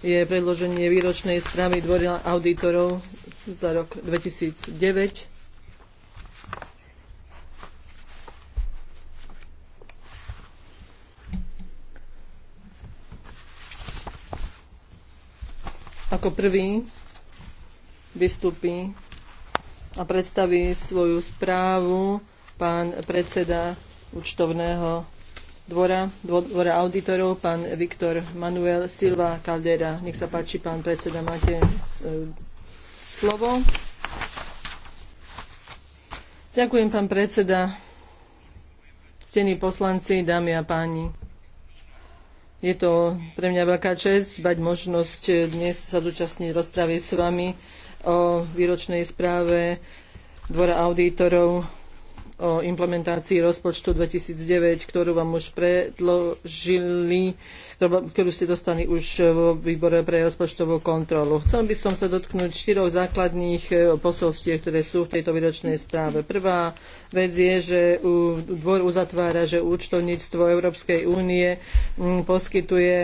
je predloženie výročnej správy Dvora auditorov za rok 2009. Ako prvý vystúpi a predstaví svoju správu pán predseda účtovného dvora, dvora auditorov, pán Viktor Manuel Silva Caldera. Nech sa páči, pán predseda, máte e, slovo. Ďakujem, pán predseda. Ctení poslanci, dámy a páni. Je to pre mňa veľká čest mať možnosť dnes sa zúčastniť rozpravy s vami o výročnej správe Dvora auditorov o implementácii rozpočtu 2009, ktorú vám už predložili, ktorú ste dostali už vo výbore pre rozpočtovú kontrolu. Chcel by som sa dotknúť štyroch základných eh, posolstiev, ktoré sú v tejto výročnej správe. Prvá vec je, že dvor uzatvára, že účtovníctvo Európskej únie mm, poskytuje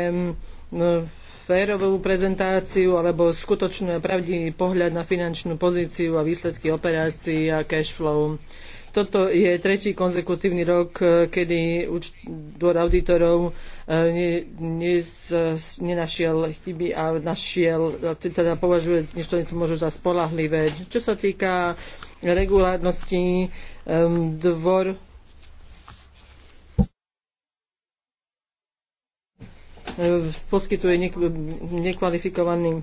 mm, férovú prezentáciu alebo skutočný a pravdivý pohľad na finančnú pozíciu a výsledky operácií a cash flow. Toto je tretí konzekutívny rok, e, kedy dvor auditorov e, e, nenašiel chyby a našiel, teda považuje, že to môžu za spolahlivé. Čo sa týka regulárnosti, dvor poskytuje nekvalifikovaný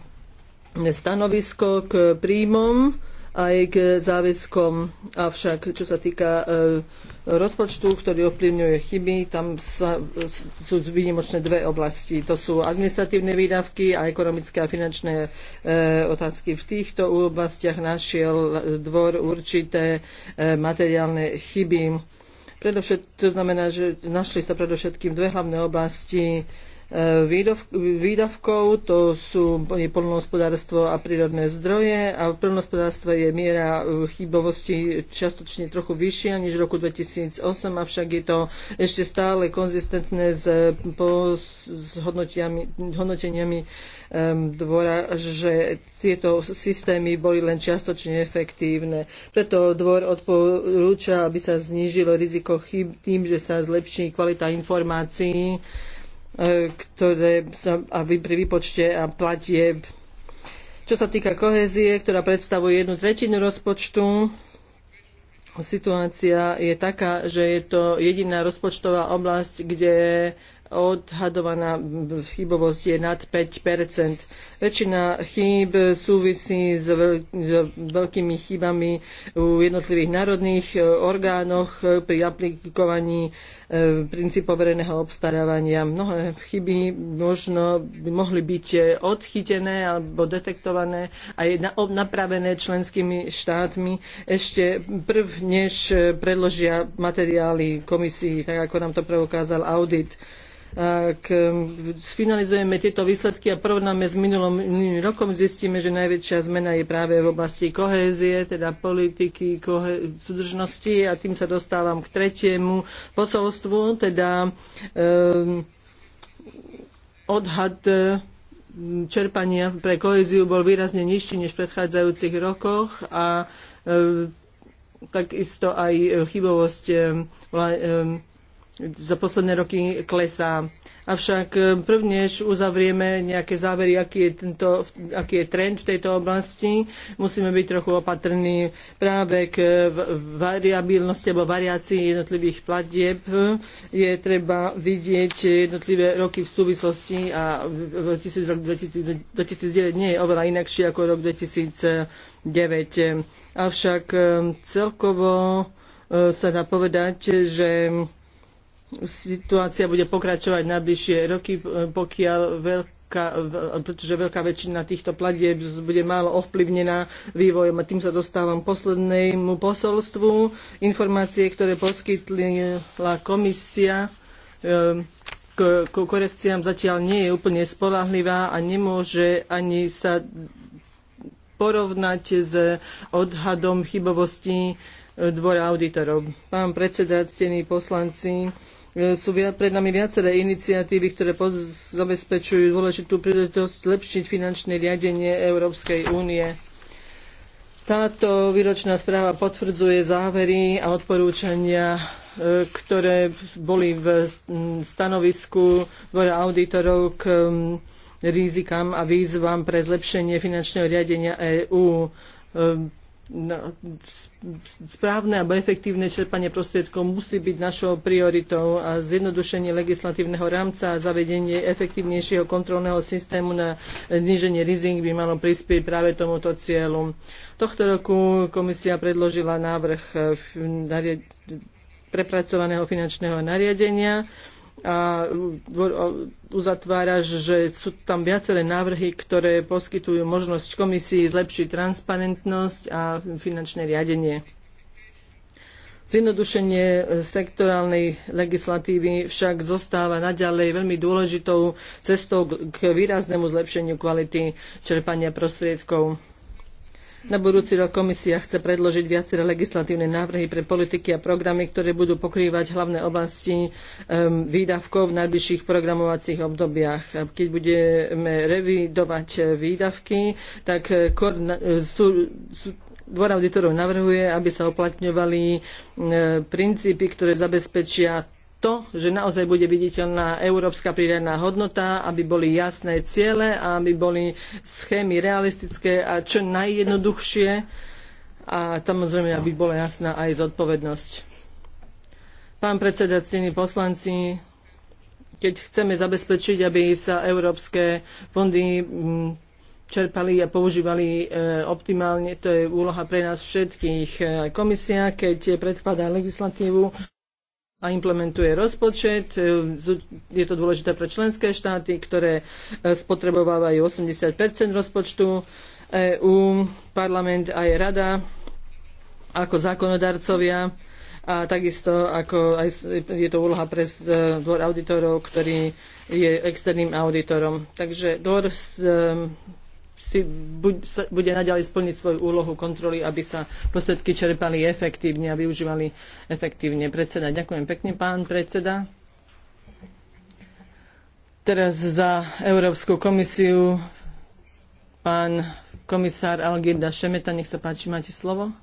stanovisko k príjmom aj k záväzkom. Avšak, čo sa týka e, rozpočtu, ktorý ovplyvňuje chyby, tam sa, e, sú výnimočné dve oblasti. To sú administratívne výdavky a ekonomické a finančné e, otázky. V týchto oblastiach našiel dvor určité e, materiálne chyby. Predovšet, to znamená, že našli sa predovšetkým dve hlavné oblasti výdavkov, to sú poľnohospodárstvo a prírodné zdroje a v poľnohospodárstve je miera e, chybovosti častočne trochu vyššia než v roku 2008, avšak je to ešte stále konzistentné s, s hodnoteniami dvora, že tieto systémy boli len čiastočne efektívne. Preto dvor odporúča, aby sa znížilo riziko chyb tým, že sa zlepší kvalita informácií E, ktoré sa pri výpočte a platie, Čo sa týka kohézie, ktorá predstavuje jednu tretinu rozpočtu, situácia je taká, že je to jediná rozpočtová oblasť, kde odhadovaná chybovosť je nad 5 Väčšina chýb súvisí s, veľkými chybami u jednotlivých národných e, orgánoch pri aplikovaní e, princípov verejného obstarávania. Mnohé chyby možno by mohli byť odchytené alebo detektované aj napravené členskými štátmi ešte prv, než predložia materiály komisii, tak ako nám to preukázal audit. Ak sfinalizujeme tieto výsledky a porovnáme s minulým rokom, zistíme, že najväčšia zmena je práve v oblasti kohézie, teda politiky kohe- súdržnosti a tým sa dostávam k tretiemu posolstvu, teda um, odhad ehm, čerpania pre kohéziu bol výrazne nižší než v predchádzajúcich rokoch a ehm, takisto aj chybovosť e, za posledné roky klesá. Avšak e, prvnež uzavrieme nejaké závery, aký je, tento, aký je trend v tejto oblasti, musíme byť trochu opatrní práve k e, variabilnosti alebo variácii jednotlivých platieb. Je treba vidieť jednotlivé roky v súvislosti a rok 2009 nie je oveľa inakší ako rok 2009. Avšak e, celkovo sa dá povedať, že situácia bude pokračovať na bližšie roky, e, pokiaľ veľká, pretože veľká väčšina týchto platieb bude málo ovplyvnená vývojom a tým sa dostávam poslednému posolstvu. Informácie, ktoré poskytla komisia e, k korekciám zatiaľ nie je úplne spolahlivá a nemôže ani sa porovnať s odhadom chybovosti e, dvora auditorov. Pán predseda, ctení poslanci, E, sú pred nami viaceré iniciatívy, ktoré zabezpečujú dôležitú príležitosť zlepšiť finančné riadenie Európskej únie. Táto výročná správa potvrdzuje závery a odporúčania, e, ktoré boli v stanovisku dvora auditorov k rizikám a výzvam pre zlepšenie finančného riadenia EÚ správne alebo efektívne čerpanie prostriedkov musí byť našou prioritou a zjednodušenie legislatívneho rámca a zavedenie efektívnejšieho kontrolného systému na zníženie rizik by malo prispieť práve tomuto cieľu. Tohto roku komisia predložila návrh eh, prepracovaného finančného nariadenia a uzatvára, že sú tam viaceré návrhy, ktoré poskytujú možnosť komisii zlepšiť transparentnosť a finančné riadenie. Zjednodušenie sektorálnej legislatívy však zostáva naďalej veľmi dôležitou cestou k výraznému zlepšeniu kvality čerpania prostriedkov na budúci rok komisia chce predložiť viaceré legislatívne návrhy pre politiky a programy, ktoré budú pokrývať hlavné oblasti výdavkov v najbližších programovacích obdobiach. Keď budeme revidovať eh, výdavky, tak eh, eh, sú, sú, Dvor auditorov navrhuje, aby sa oplatňovali princípy, ktoré zabezpečia to, že naozaj bude viditeľná európska pridaná hodnota, aby boli jasné ciele, aby boli schémy realistické a čo najjednoduchšie a samozrejme, aby bola jasná aj zodpovednosť. Pán predseda, ctení poslanci, keď chceme zabezpečiť, aby sa európske fondy mm, čerpali a používali e, optimálne, to je úloha pre nás všetkých. E, komisia, keď predkladá legislatívu, a implementuje rozpočet. E, je to dôležité pre členské štáty, ktoré e, spotrebovávajú 80 rozpočtu EÚ, parlament aj rada ako zákonodarcovia a takisto ako aj je to úloha pre e, dvor auditorov, ktorý je externým auditorom. Takže dvor si bude naďalej splniť svoju úlohu kontroly, aby sa prostriedky čerpali efektívne a využívali efektívne. Predseda, ďakujem pekne, pán predseda. Teraz za Európsku komisiu pán komisár Algirda Šemeta. Nech sa páči, máte slovo.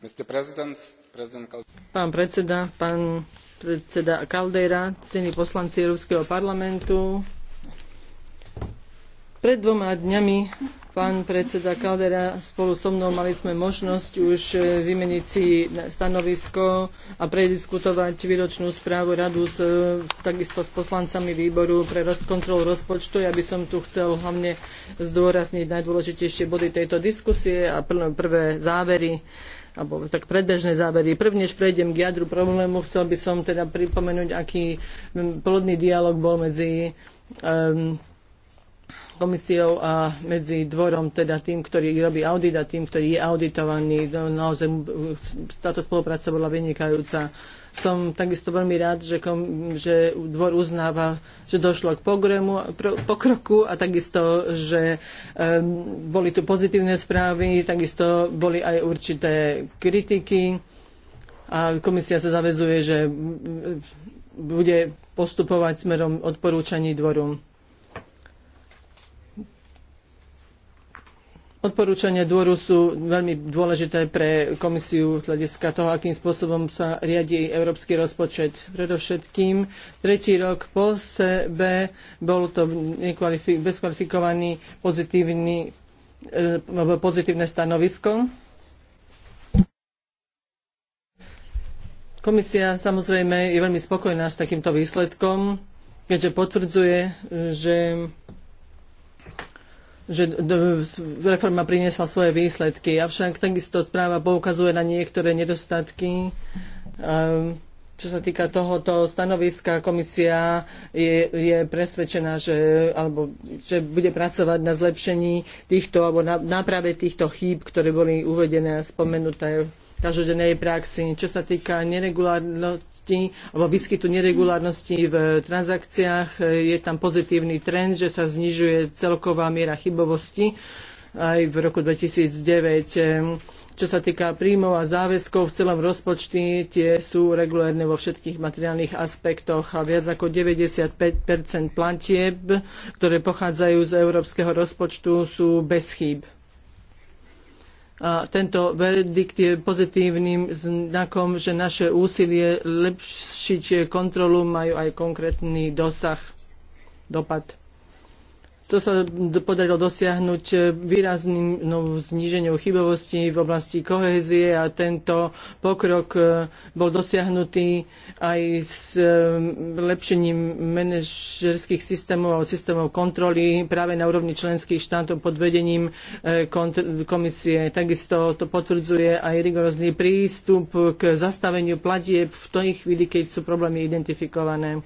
President, president pán predseda, pán predseda Caldeira, cení poslanci Európskeho parlamentu, pred dvoma dňami pán predseda Kaldera spolu so mnou mali sme možnosť už e, vymeniť si stanovisko a prediskutovať výročnú správu radu s, e, takisto s poslancami výboru pre kontrolu rozpočtu. Ja by som tu chcel hlavne zdôrazniť najdôležitejšie body tejto diskusie a prvé závery alebo tak predbežné závery. než prejdem k jadru problému, chcel by som teda pripomenúť, aký plodný dialog bol medzi um, komisiou a medzi dvorom, teda tým, ktorý robí audit a tým, ktorý je auditovaný. No, naozaj táto spolupráca bola vynikajúca. Som takisto veľmi rád, že, kom, že dvor uznáva, že došlo k pogremu, pro, pokroku a takisto, že um, boli tu pozitívne správy, takisto boli aj určité kritiky a komisia sa zavezuje, že bude postupovať smerom odporúčaní dvoru. Odporúčania dôru sú veľmi dôležité pre komisiu z hľadiska toho, akým spôsobom sa riadi európsky rozpočet. Predovšetkým tretí rok po sebe bol to bezkvalifikovaný pozitívny, e, pozitívne stanovisko. Komisia samozrejme je veľmi spokojná s takýmto výsledkom, keďže potvrdzuje, že že reforma priniesla svoje výsledky. Avšak takisto práva poukazuje na niektoré nedostatky. Čo sa týka tohoto stanoviska, komisia je, je presvedčená, že, alebo, že bude pracovať na zlepšení týchto alebo na náprave týchto chýb, ktoré boli uvedené a spomenuté každodennej praxi. Čo sa týka neregulárnosti alebo výskytu neregulárnosti v transakciách, je tam pozitívny trend, že sa znižuje celková miera chybovosti aj v roku 2009. Čo sa týka príjmov a záväzkov v celom rozpočte, tie sú regulérne vo všetkých materiálnych aspektoch a viac ako 95 platieb, ktoré pochádzajú z európskeho rozpočtu, sú bez chýb a tento verdikt je pozitívnym znakom, že naše úsilie lepšiť kontrolu majú aj konkrétny dosah, dopad to sa podarilo dosiahnuť e, výrazným no, zníženou chybovosti v oblasti kohézie a tento pokrok e, bol dosiahnutý aj s e, lepšením manažerských systémov a systémov kontroly práve na úrovni členských štátov pod vedením komisie. Takisto to potvrdzuje aj rigorózny prístup k zastaveniu platieb v tej chvíli, keď sú problémy identifikované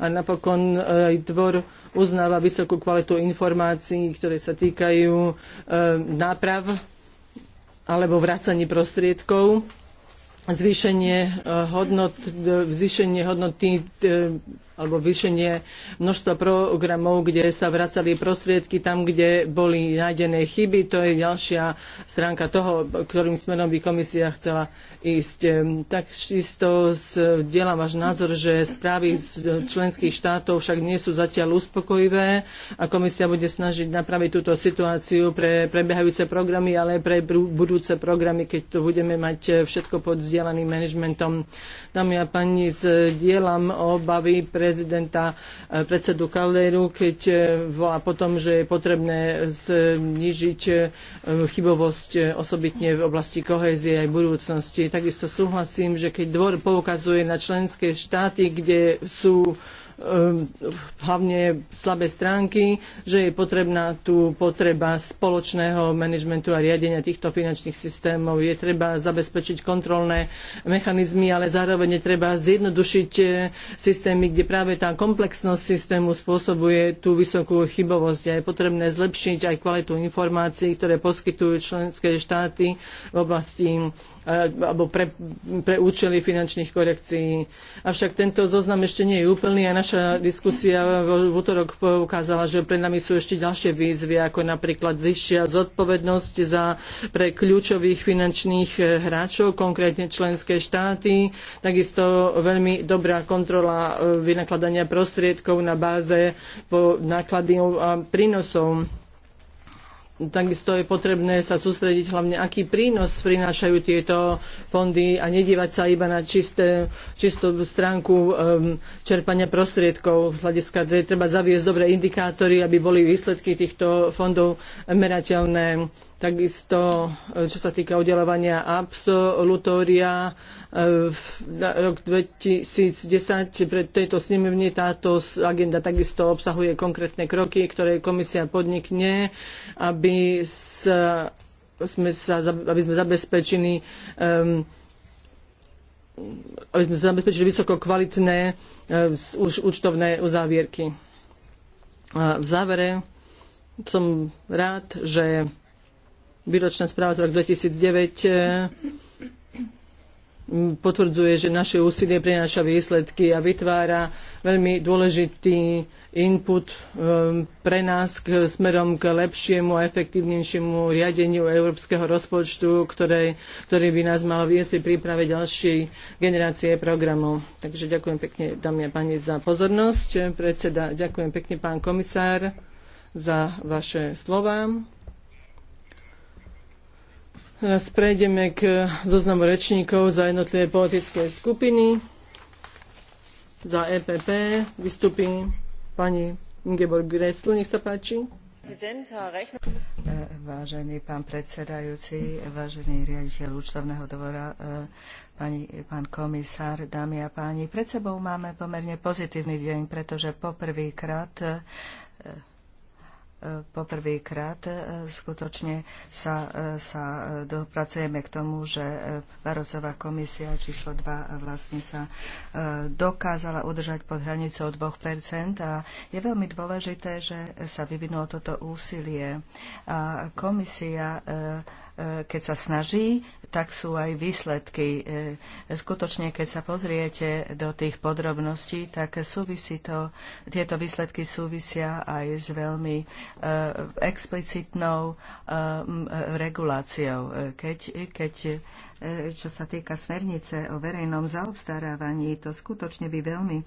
a napokon e, aj dvor uznáva vysokú kvalitu informácií, ktoré sa týkajú e, náprav alebo vracaní prostriedkov, zvýšenie, e, hodnot, zvýšenie hodnoty alebo vyšenie množstva programov, kde sa vracali prostriedky tam, kde boli nájdené chyby. To je ďalšia stránka toho, ktorým smerom by komisia chcela ísť. Tak čisto dielam váš názor, že správy z členských štátov však nie sú zatiaľ uspokojivé a komisia bude snažiť napraviť túto situáciu pre prebiehajúce programy, ale aj pre budúce programy, keď to budeme mať všetko pod vzdialeným manažmentom. Dámy a pani, dielam obavy pre prezidenta, e, predsedu Kalderu, keď e, volá potom, že je potrebné znižiť e, chybovosť osobitne v oblasti kohézie aj budúcnosti. Takisto súhlasím, že keď dvor poukazuje na členské štáty, kde sú Ehm, hlavne slabé stránky, že je potrebná tu potreba spoločného manažmentu a riadenia týchto finančných systémov. Je treba zabezpečiť kontrolné mechanizmy, ale zároveň je treba zjednodušiť e, systémy, kde práve tá komplexnosť systému spôsobuje tú vysokú chybovosť. A je potrebné zlepšiť aj kvalitu informácií, ktoré poskytujú členské štáty v oblasti alebo pre, pre účely finančných korekcií. Avšak tento zoznam ešte nie je úplný a naša diskusia v, útorok ukázala, že pred nami sú ešte ďalšie výzvy, ako napríklad vyššia zodpovednosť za, pre kľúčových finančných eh, hráčov, konkrétne členské štáty, takisto veľmi dobrá kontrola eh, vynakladania prostriedkov na báze po nákladov a prínosov takisto je potrebné sa sústrediť hlavne, aký prínos prinášajú tieto fondy a nedívať sa iba na čisté, čistú stránku um, čerpania prostriedkov. Hľadiska treba zaviesť dobré indikátory, aby boli výsledky týchto fondov merateľné. Takisto, e, čo sa týka udelovania absolutória, e, rok 2010 pred tejto snemovne táto agenda takisto obsahuje konkrétne kroky, ktoré komisia podnikne, aby, sa, sme, sa, aby sme zabezpečili um, aby sme zabezpečili vysoko kvalitné e, uh, účtovné uzávierky. A v závere som rád, že výročná správa z roku 2009 potvrdzuje, že naše úsilie prináša výsledky a vytvára veľmi dôležitý input eh, pre nás k smerom k lepšiemu a efektívnejšiemu riadeniu európskeho rozpočtu, ktoré, ktorý by nás mal viesť pri príprave ďalšej generácie programov. Takže ďakujem pekne, dámy a páni, za pozornosť. Predseda, ďakujem pekne, pán komisár, za vaše slova. Teraz prejdeme k zoznamu rečníkov za jednotlivé politické skupiny. Za EPP vystupí pani Ingeborg Gressl, nech sa páči. Vážený pán predsedajúci, vážený riaditeľ účtovného dvora, eh, pani, pán komisár, dámy a páni, pred sebou máme pomerne pozitívny deň, pretože poprvýkrát eh, poprvýkrát e, skutočne sa, e, sa e, dopracujeme k tomu, že Barosová komisia číslo 2 vlastne sa dokázala udržať pod hranicou 2% a je veľmi dôležité, že sa vyvinulo toto úsilie. A komisia keď sa snaží tak sú aj výsledky. E, skutočne, keď sa pozriete do tých podrobností, tak súvisí to, tieto výsledky súvisia aj s veľmi e, explicitnou e, reguláciou. Keď, keď čo sa týka smernice o verejnom zaobstarávaní, to skutočne by veľmi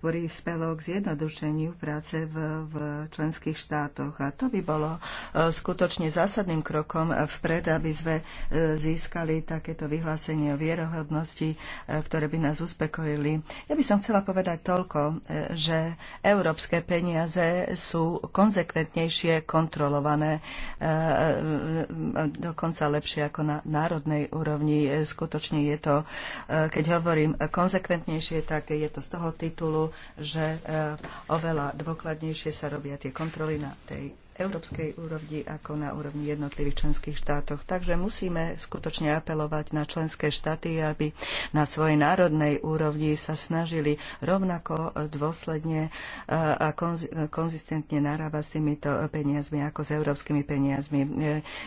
prispelo k zjednodušeniu práce v, v členských štátoch. A to by bolo skutočne zásadným krokom vpred, aby sme získali takéto vyhlásenie o vierohodnosti, e, ktoré by nás uspokojili. Ja by som chcela povedať toľko, e, že európske peniaze sú konzekventnejšie kontrolované, e, dokonca lepšie ako na národnej úrovni. Skutočne je to, keď hovorím konzekventnejšie, tak je to z toho titulu, že oveľa dôkladnejšie sa robia tie kontroly na tej európskej úrovni ako na úrovni jednotlivých členských štátov. Takže musíme skutočne apelovať na členské štáty, aby na svojej národnej úrovni sa snažili rovnako dôsledne e, a konzistentne narábať s týmito peniazmi ako s európskymi peniazmi. E,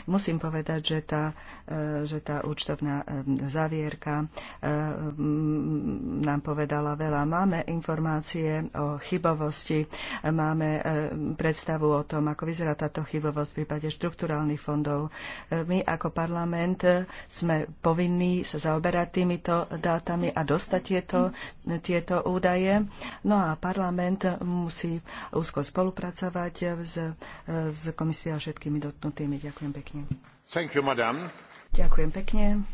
musím povedať, že tá, e, že tá účtovná zavierka nám povedala veľa. Máme informácie o chybovosti, máme predstavu o tom, ako vyzerá vyzerá táto chybovosť v prípade štrukturálnych fondov. E, my ako parlament e, sme povinní sa zaoberať týmito dátami a dostať tieto, tieto údaje. No a parlament musí úzko spolupracovať s, e, s komisiou a všetkými dotknutými. Ďakujem pekne. Thank you, madam. Ďakujem pekne.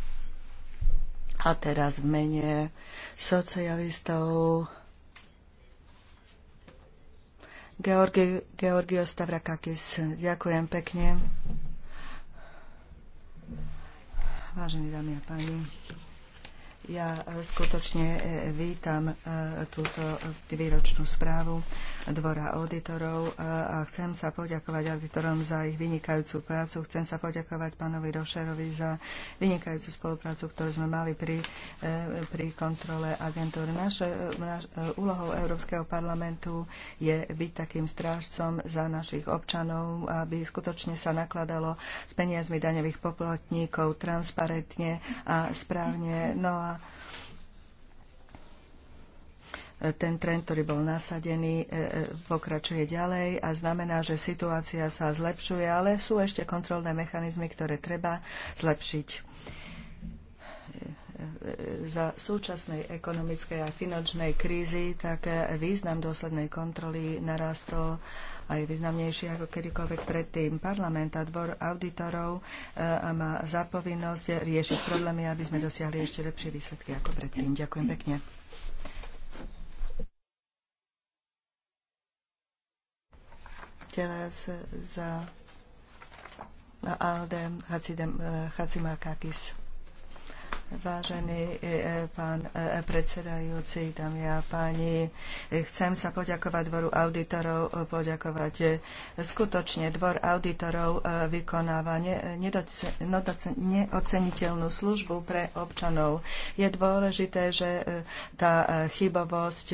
A teraz v mene socialistov Georgi, Georgios Stavrakakis. Ďakujem pekne. Vážení dámy a páni. Ja e, skutočne e, vítam e, túto výročnú správu Dvora auditorov a chcem sa poďakovať auditorom za ich vynikajúcu prácu. Chcem sa poďakovať pánovi Rošerovi za vynikajúcu spoluprácu, ktorú sme mali pri, pri kontrole agentúry. Naše, naš, úlohou Európskeho parlamentu je byť takým strážcom za našich občanov, aby skutočne sa nakladalo s peniazmi daňových poplatníkov transparentne a správne. No a ten trend, ktorý bol nasadený, e, e, pokračuje ďalej a znamená, že situácia sa zlepšuje, ale sú ešte kontrolné mechanizmy, ktoré treba zlepšiť e, za súčasnej ekonomickej a finančnej krízy, tak význam dôslednej kontroly narastol aj významnejšie ako kedykoľvek predtým. Parlament a dvor auditorov má zapovinnosť riešiť problémy, aby sme dosiahli ešte lepšie výsledky ako predtým. Ďakujem pekne. teraz za Aldem Hacimakakis. Eh, Vážený eh, pán eh, predsedajúci, dámy a páni, chcem sa poďakovať dvoru auditorov, poďakovať skutočne dvor auditorov vykonáva neoceniteľnú službu pre občanov. Je dôležité, že tá chybovosť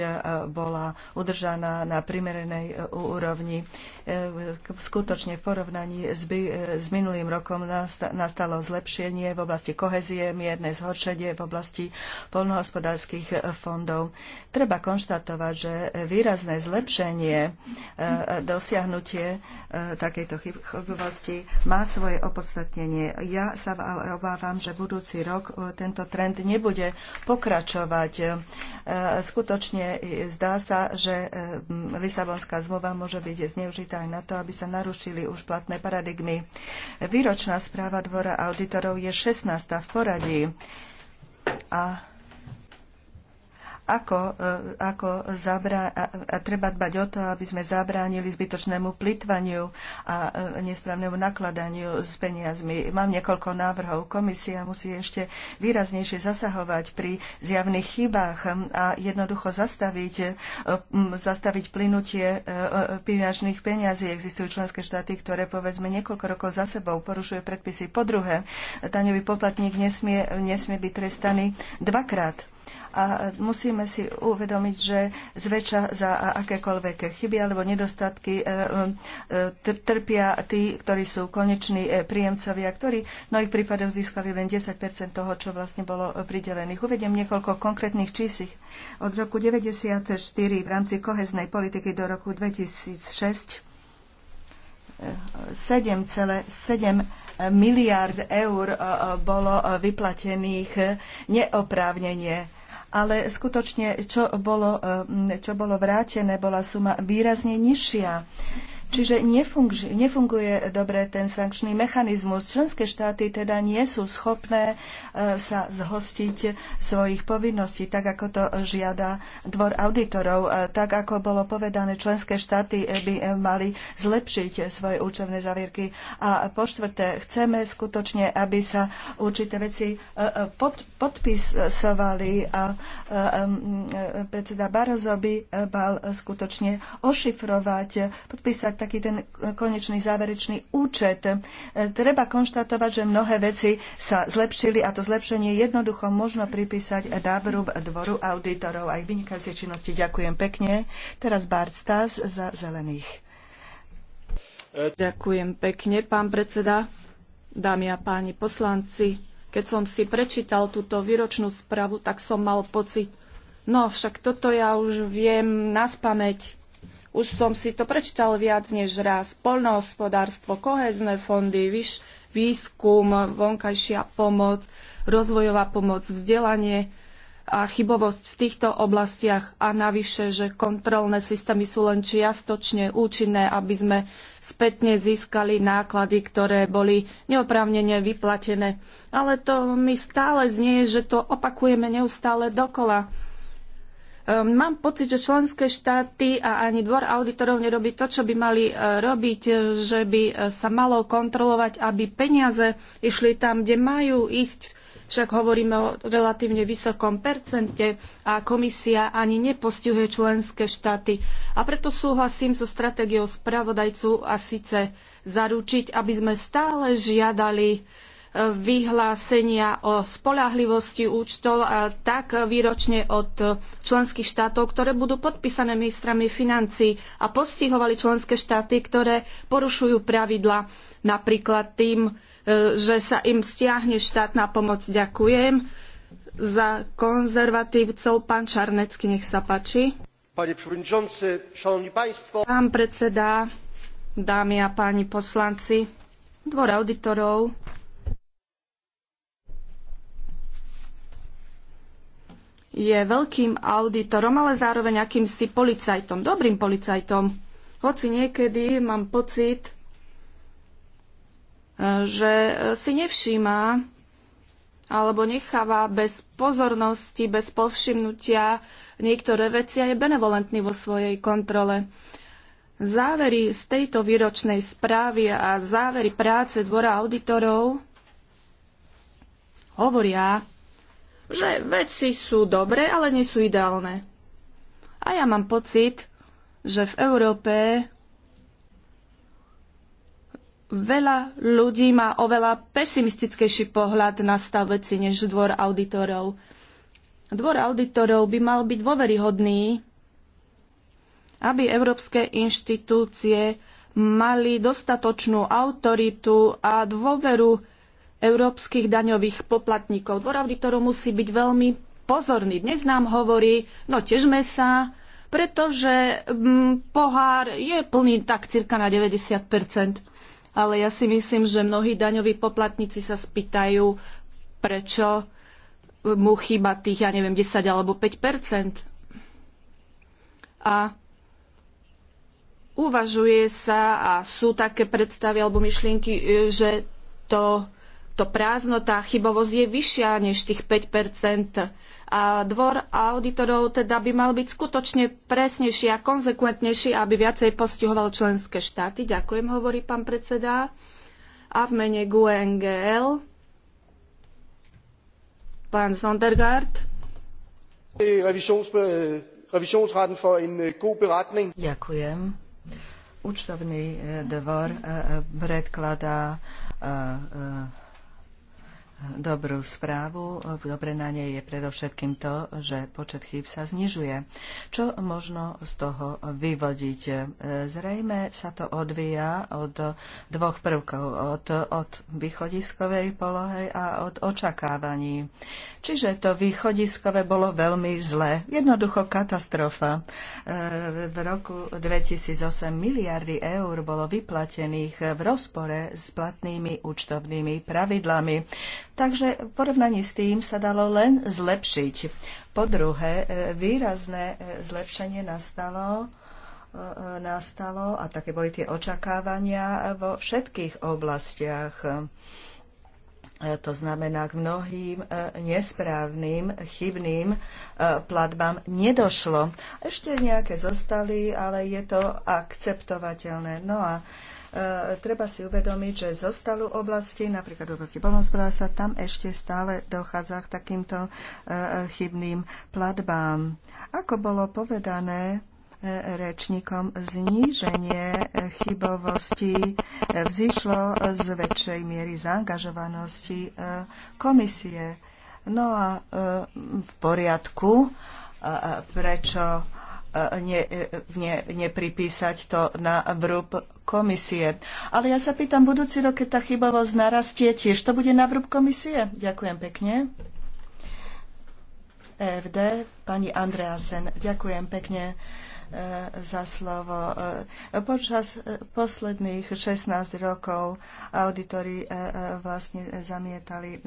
bola udržaná na primerenej úrovni E, skutočne v porovnaní s, by, e, s minulým rokom nastalo zlepšenie v oblasti kohezie, mierne zhoršenie v oblasti polnohospodárskych e, fondov. Treba konštatovať, že výrazné zlepšenie dosiahnutie takejto chybovosti má svoje opodstatnenie. Ja sa ale obávam, že budúci rok tento trend nebude pokračovať. Skutočne zdá sa, že Lisabonská zmluva môže byť zneužitá aj na to, aby sa narušili už platné paradigmy. Výročná správa Dvora auditorov je 16. v poradí a ako, e, ako zabra- a, a treba dbať o to, aby sme zabránili zbytočnému plitvaniu a e, nesprávnemu nakladaniu s peniazmi. Mám niekoľko návrhov. Komisia musí ešte výraznejšie zasahovať pri zjavných chybách a jednoducho zastaviť, e, zastaviť plynutie finančných peniazí. Existujú členské štáty, ktoré povedzme niekoľko rokov za sebou porušuje predpisy. Po druhé, daňový poplatník nesmie, nesmie byť trestaný dvakrát a musíme si uvedomiť, že zväčša za akékoľvek chyby alebo nedostatky e, e, trpia tí, ktorí sú koneční e, príjemcovia, ktorí v mnohých prípadoch získali len 10 toho, čo vlastne bolo pridelených. Uvediem niekoľko konkrétnych čísich. Od roku 1994 v rámci koheznej politiky do roku 2006 7,7 miliard eur bolo vyplatených neoprávnenie ale skutočne, čo bolo, e, čo bolo vrátené, bola suma výrazne nižšia. Čiže nefunguje dobre ten sankčný mechanizmus. Členské štáty teda nie sú schopné e, sa zhostiť svojich povinností, tak ako to žiada dvor auditorov. E, tak ako bolo povedané, členské štáty e, by mali zlepšiť svoje účovné zavierky. A po štvrté, chceme skutočne, aby sa určité veci pod, podpisovali a predseda Barozo by mal skutočne ošifrovať, podpísať taký ten konečný záverečný účet. E, treba konštatovať, že mnohé veci sa zlepšili a to zlepšenie jednoducho možno pripísať Dábru dvoru auditorov a ich vynikajúcej činnosti. Ďakujem pekne. Teraz Bart Stas za Zelených. E, ďakujem pekne, pán predseda. Dámy a páni poslanci, keď som si prečítal túto výročnú správu, tak som mal pocit, no však toto ja už viem na spameť. Už som si to prečítal viac než raz. Polnohospodárstvo, kohezné fondy, vyš, výskum, vonkajšia pomoc, rozvojová pomoc, vzdelanie a chybovosť v týchto oblastiach a navyše, že kontrolné systémy sú len čiastočne účinné, aby sme spätne získali náklady, ktoré boli neoprávnene vyplatené. Ale to mi stále znie, že to opakujeme neustále dokola. Ehm, mám pocit, že členské štáty a ani dvor auditorov nerobí to, čo by mali eh, robiť, eh, že by eh, sa malo kontrolovať, aby peniaze išli tam, kde majú ísť. Však hovoríme o relatívne vysokom percente a komisia ani nepostihuje členské štáty. A preto súhlasím so stratégiou spravodajcu a síce zaručiť, aby sme stále žiadali vyhlásenia o spolahlivosti účtov tak výročne od členských štátov, ktoré budú podpísané ministrami financií a postihovali členské štáty, ktoré porušujú pravidla napríklad tým, e, že sa im stiahne štátna pomoc. Ďakujem. Za konzervatívcov pán Čarnecký, nech sa páči. Pán predseda, dámy a páni poslanci, dvor auditorov je veľkým auditorom, ale zároveň akýmsi policajtom, dobrým policajtom. Hoci niekedy mám pocit, e, že si nevšíma alebo necháva bez pozornosti, bez povšimnutia niektoré veci a je benevolentný vo svojej kontrole. Závery z tejto výročnej správy a závery práce Dvora auditorov hovoria, že veci sú dobré, ale nie sú ideálne. A ja mám pocit, že v Európe veľa ľudí má oveľa pesimistickejší pohľad na stav veci než dvor auditorov. Dvor auditorov by mal byť dôveryhodný, aby európske inštitúcie mali dostatočnú autoritu a dôveru európskych daňových poplatníkov. Dvor auditorov musí byť veľmi pozorný. Dnes nám hovorí, no težme sa, pretože mm, pohár je plný tak cirka na 90 ale ja si myslím, že mnohí daňoví poplatníci sa spýtajú, prečo mu chýba tých, ja neviem, 10 alebo 5 A uvažuje sa a sú také predstavy alebo myšlienky, že to to prázdno, tá chybovosť je vyššia než tých 5 A dvor auditorov teda by mal byť skutočne presnejší a konzekventnejší, aby viacej postihoval členské štáty. Ďakujem, hovorí pán predseda. A v mene GUNGL pán Sondergaard. Ďakujem. Účtovný dvor eh, eh, predkladá eh, dobrú správu. Dobre na nej je predovšetkým to, že počet chýb sa znižuje. Čo možno z toho vyvodiť? E, zrejme sa to odvíja od dvoch prvkov. Od, od východiskovej polohy a od očakávaní. Čiže to východiskové bolo veľmi zlé. Jednoducho katastrofa. E, v roku 2008 miliardy eur bolo vyplatených v rozpore s platnými účtovnými pravidlami. Takže v porovnaní s tým sa dalo len zlepšiť. Po druhé, e, výrazné e, zlepšenie nastalo e, nastalo a také boli tie očakávania vo všetkých oblastiach. To znamená, k mnohým nesprávnym, chybným platbám nedošlo. Ešte nejaké zostali, ale je to akceptovateľné. No a E, treba si uvedomiť, že zostalú oblasti, napríklad v oblasti sa tam ešte stále dochádza k takýmto e, chybným platbám. Ako bolo povedané, e, rečníkom zníženie chybovosti vzýšlo z väčšej miery zaangažovanosti komisie. No a v poriadku, prečo ne, ne, nepripísať to na vrúb komisie. Ale ja sa pýtam, budúci rok, keď tá chybovosť narastie, tiež to bude na vrúb komisie? Ďakujem pekne. EFD, pani Andreasen, ďakujem pekne. E, za slovo. E, počas e, posledných 16 rokov auditori vlastne zamietali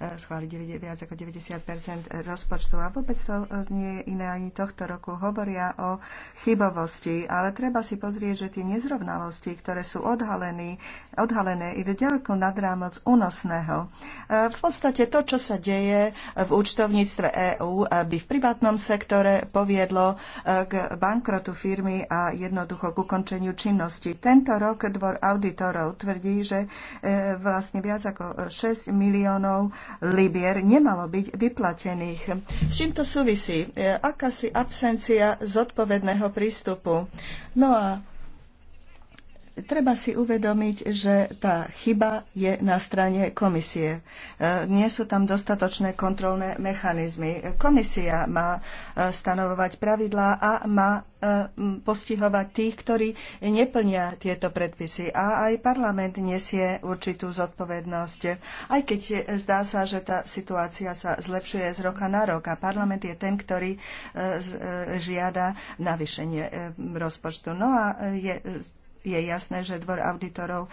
schváliť viac ako 90 rozpočtu a vôbec to nie je iné ani tohto roku. Hovoria o chybovosti, ale treba si pozrieť, že tie nezrovnalosti, ktoré sú odhalené, odhalené idú ďaleko nad rámoc únosného. V podstate to, čo sa deje v účtovníctve EÚ, by v privátnom sektore poviedlo k bankrotu firmy a jednoducho k ukončeniu činnosti. Tento rok dvor auditorov tvrdí, že e, vlastne viac ako 6 miliónov libier nemalo byť vyplatených. S čím to súvisí? E, akási absencia zodpovedného prístupu. No a Treba si uvedomiť, že tá chyba je na strane komisie. E, nie sú tam dostatočné kontrolné mechanizmy. Komisia má e, stanovovať pravidlá a má e, postihovať tých, ktorí neplnia tieto predpisy. A aj parlament nesie určitú zodpovednosť. Aj keď zdá sa, že tá situácia sa zlepšuje z roka na rok a parlament je ten, ktorý žiada navýšenie rozpočtu. No a je je jasné, že dvor auditorov e,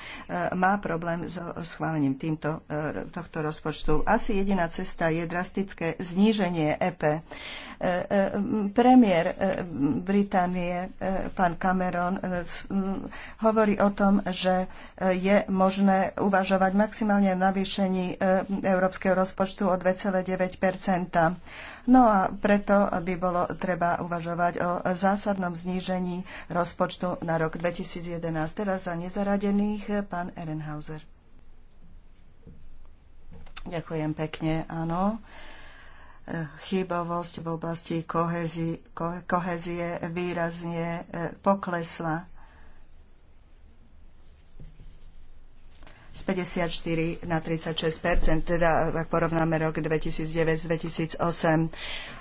má problém so schválením týmto, e, tohto rozpočtu. Asi jediná cesta je drastické zníženie EP. E, premiér Británie, pán Cameron, hovorí o tom, že je možné uvažovať maximálne navýšení európskeho rozpočtu o 2,9 No a preto by bolo treba uvažovať o zásadnom znížení rozpočtu na rok 2011. Teraz za nezaradených pán Ehrenhauser. Ďakujem pekne, áno chybovosť v oblasti kohezie výrazne e, poklesla. z 54 na 36 teda ak porovnáme rok 2009 2008.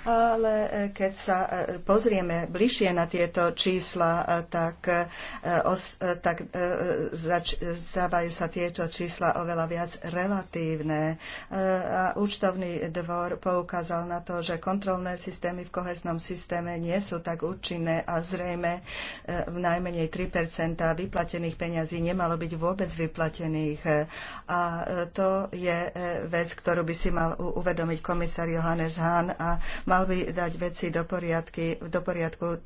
Ale e, keď sa e, pozrieme bližšie na tieto čísla, e, tak, tak zdávajú sa tieto čísla oveľa viac relatívne. A účtovný dvor poukázal na to, že kontrolné systémy v kohesnom systéme nie sú tak účinné a zrejme v najmenej 3 vyplatených peňazí nemalo byť vôbec vyplatených nich. E, a e, to je e, vec, ktorú by si mal uvedomiť komisár Johannes Hahn a mal by dať veci do, poriadky, do poriadku.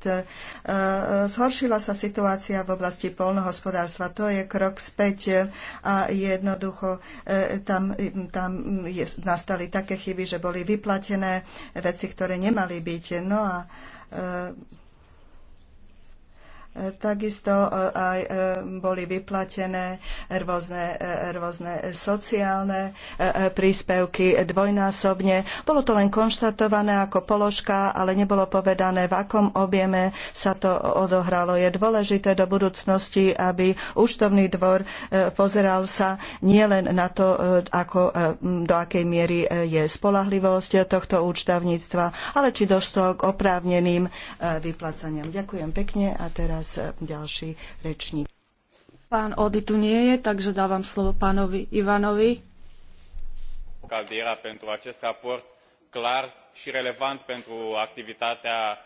Zhoršila sa situácia v oblasti polnohospodárstva. To je krok späť a jednoducho tam, tam nastali také chyby, že boli vyplatené veci, ktoré nemali byť. No a Takisto e, aj e, boli vyplatené rôzne, e, rôzne sociálne príspevky dvojnásobne. Bolo to len konštatované ako položka, ale nebolo povedané, v akom objeme sa to odohralo. Je dôležité do budúcnosti, aby účtovný dvor pozeral sa nielen na to, ako, do akej miery je spolahlivosť tohto účtavníctva, ale či došlo k oprávneným vyplácaniam. Ďakujem pekne a teraz teraz ďalší rečník. Pán Ody tu nie je, takže dávam slovo pánovi Ivanovi. Caldera pentru acest raport clar și relevant pentru activitatea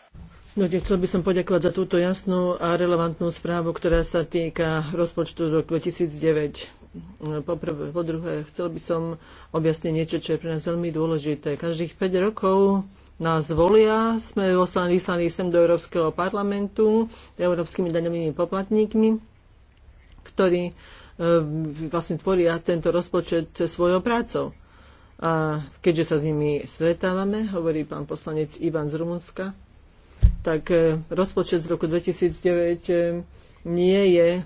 No, chcel by som poďakovať za túto jasnú a relevantnú správu, ktorá sa týka rozpočtu roku 2009. Po, prvé, po druhé, chcel by som objasniť niečo, čo je pre nás veľmi dôležité. Každých 5 rokov nás volia. Sme vyslaní, sem do Európskeho parlamentu európskymi daňovými poplatníkmi, ktorí e, vlastne tvoria tento rozpočet svojou prácou. A keďže sa s nimi stretávame, hovorí pán poslanec Ivan z Rumunska, tak e, rozpočet z roku 2009 e, nie je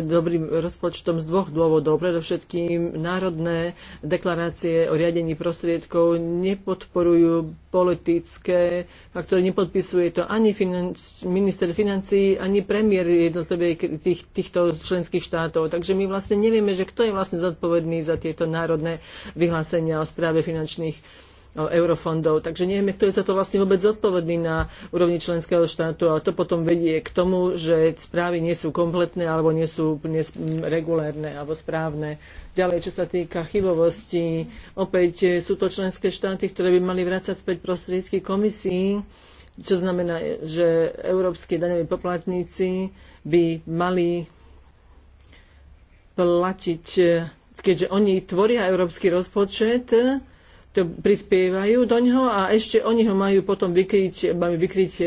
dobrým rozpočtom z dvoch dôvodov. Predovšetkým národné deklarácie o riadení prostriedkov nepodporujú politické faktory, nepodpisuje to ani financ, minister financí, ani premiér jednotlivých tých, týchto členských štátov. Takže my vlastne nevieme, že kto je vlastne zodpovedný za tieto národné vyhlásenia o správe finančných eurofondov. Takže nevieme, kto je za to vlastne vôbec zodpovedný na úrovni členského štátu a to potom vedie k tomu, že správy nie sú kompletné alebo nie sú úplne regulérne alebo správne. Ďalej, čo sa týka chybovosti, opäť eh, sú to členské štáty, ktoré by mali vrácať späť prostriedky komisii, čo znamená, že európsky daňoví poplatníci by mali platiť, eh, keďže oni tvoria európsky rozpočet, to prispievajú do ňoho a ešte oni ho majú potom vykryť, majú vykryť e,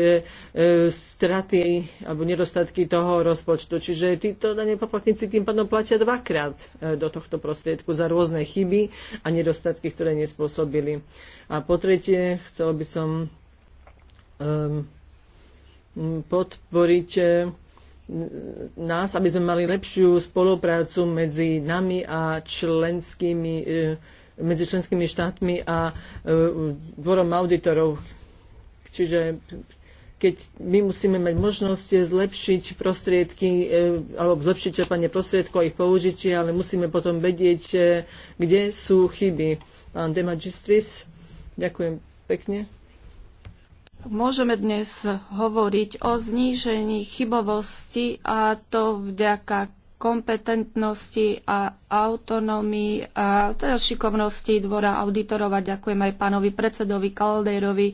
e straty alebo nedostatky toho rozpočtu. Čiže títo daní poplatníci tým pádom platia dvakrát e, do tohto prostriedku za rôzne chyby a nedostatky, ktoré nespôsobili. A po tretie, chcel by som e, podporiť nás, aby sme mali lepšiu spoluprácu medzi nami a členskými e, medzi členskými štátmi a e, dvorom auditorov. Čiže keď my musíme mať možnosť zlepšiť prostriedky e, alebo zlepšiť čerpanie prostriedkov a ich použitie, ale musíme potom vedieť, e, kde sú chyby. Pán Magistris, ďakujem pekne. Môžeme dnes hovoriť o znížení chybovosti a to vďaka kompetentnosti a autonómii a teda šikovnosti dvora auditorov a ďakujem aj pánovi predsedovi Kaldejrovi.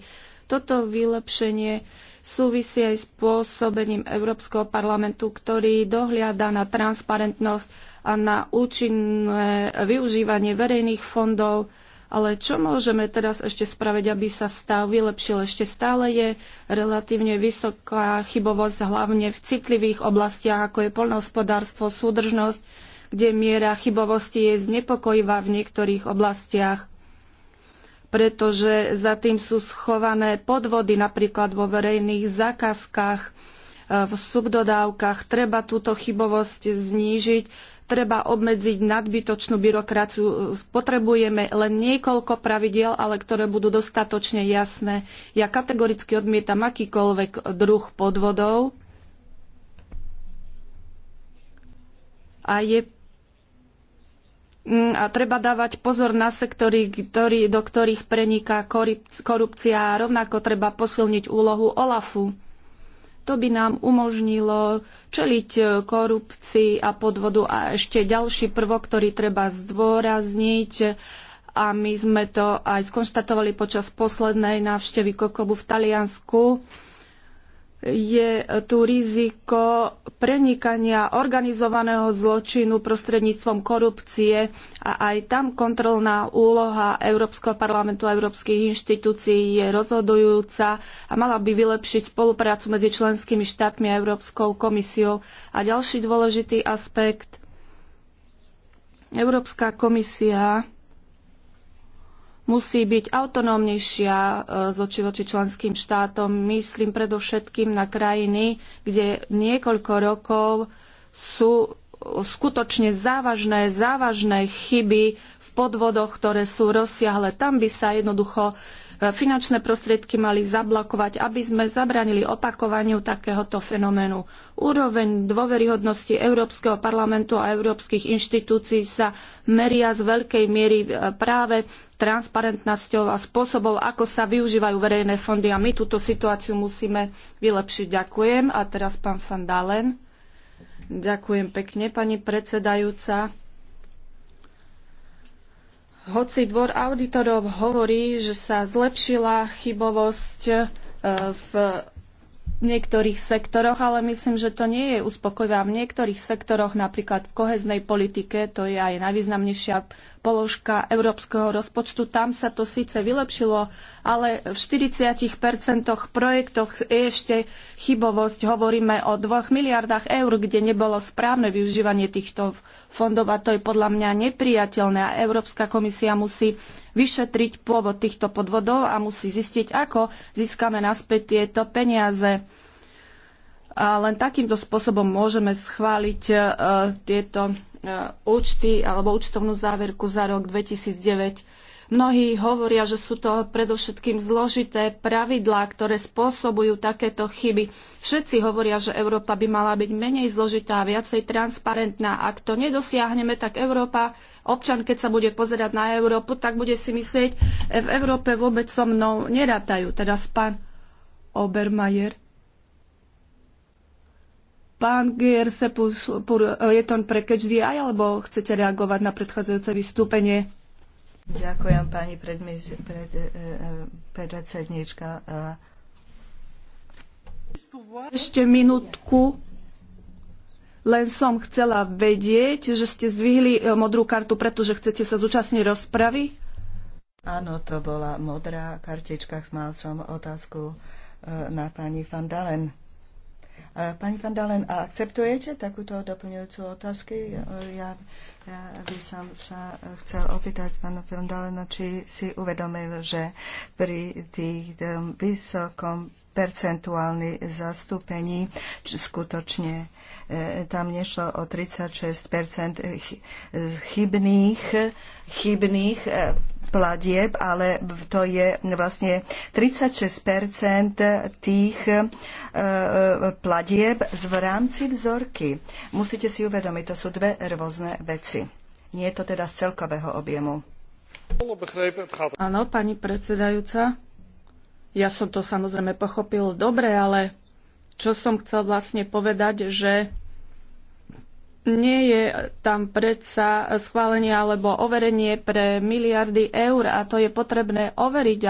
Toto vylepšenie súvisí aj s pôsobením Európskeho parlamentu, ktorý dohliada na transparentnosť a na účinné využívanie verejných fondov ale čo môžeme teraz ešte spraviť, aby sa stav vylepšil? Ešte stále je relatívne vysoká chybovosť, hlavne v citlivých oblastiach, ako je poľnohospodárstvo, súdržnosť, kde miera chybovosti je znepokojivá v niektorých oblastiach pretože za tým sú schované podvody napríklad vo verejných zákazkách, v subdodávkach. Treba túto chybovosť znížiť treba obmedziť nadbytočnú byrokraciu. Potrebujeme len niekoľko pravidiel, ale ktoré budú dostatočne jasné. Ja kategoricky odmietam akýkoľvek druh podvodov a je mm, a treba dávať pozor na sektory, ktorý, do ktorých preniká korupcia a rovnako treba posilniť úlohu OLAFu. To by nám umožnilo čeliť e, korupcii a podvodu. A ešte ďalší prvok, ktorý treba zdôrazniť, a my sme to aj skonštatovali počas poslednej návštevy Kokobu v Taliansku, je tu riziko prenikania organizovaného zločinu prostredníctvom korupcie a aj tam kontrolná úloha Európskeho parlamentu a európskych inštitúcií je rozhodujúca a mala by vylepšiť spoluprácu medzi členskými štátmi a Európskou komisiou. A ďalší dôležitý aspekt. Európska komisia musí byť autonómnejšia e, z oči voči členským štátom. Myslím predovšetkým na krajiny, kde niekoľko rokov sú skutočne závažné, závažné chyby v podvodoch, ktoré sú rozsiahle. Tam by sa jednoducho finančné prostriedky mali zablokovať, aby sme zabranili opakovaniu takéhoto fenoménu. Úroveň dôveryhodnosti Európskeho parlamentu a európskych inštitúcií sa meria z veľkej miery e, práve transparentnosťou a spôsobom, ako sa využívajú verejné fondy. A my túto situáciu musíme vylepšiť. Ďakujem. A teraz pán Van Dalen. Ďakujem pekne, pani predsedajúca. Hoci dvor auditorov hovorí, že sa zlepšila chybovosť e, v niektorých sektoroch, ale myslím, že to nie je uspokojivá. V niektorých sektoroch, napríklad v koheznej politike, to je aj najvýznamnejšia položka európskeho rozpočtu. Tam sa to síce vylepšilo, ale v 40 projektoch je ešte chybovosť. Hovoríme o 2 miliardách eur, kde nebolo správne využívanie týchto fondov a to je podľa mňa nepriateľné a Európska komisia musí vyšetriť pôvod týchto podvodov a musí zistiť, ako získame naspäť tieto peniaze. A len takýmto spôsobom môžeme schváliť uh, tieto E, účty alebo účtovnú záverku za rok 2009. Mnohí hovoria, že sú to predovšetkým zložité pravidlá, ktoré spôsobujú takéto chyby. Všetci hovoria, že Európa by mala byť menej zložitá a viacej transparentná. Ak to nedosiahneme, tak Európa, občan, keď sa bude pozerať na Európu, tak bude si myslieť, e, v Európe vôbec so mnou nerátajú. Teraz pán Obermajer. Pán Gierse, je to pre každý aj, alebo chcete reagovať na predchádzajúce vystúpenie? Ďakujem, pani eh, eh, predsedníčka. Eh. Ešte minútku. Len som chcela vedieť, že ste zvihli modrú kartu, pretože chcete sa zúčastniť rozpravy. Áno, to bola modrá kartička. Mal som otázku na pani fandalen. Dalen. Pani van Dalen, akceptujete takúto doplňujúcu otázky? Ja, ja by som sa chcel opýtať pána van Dalena, či si uvedomil, že pri tých um, vysokom percentuálny zastúpení skutočne e, tam nešlo o 36 chybných, chybných e, platieb, ale to je vlastne 36 tých e, e, platieb v rámci vzorky. Musíte si uvedomiť, to sú dve rôzne veci. Nie je to teda z celkového objemu. Áno, pani predsedajúca. Ja som to samozrejme pochopil dobre, ale čo som chcel vlastne povedať, že nie je tam predsa schválenie alebo overenie pre miliardy eur a to je potrebné overiť.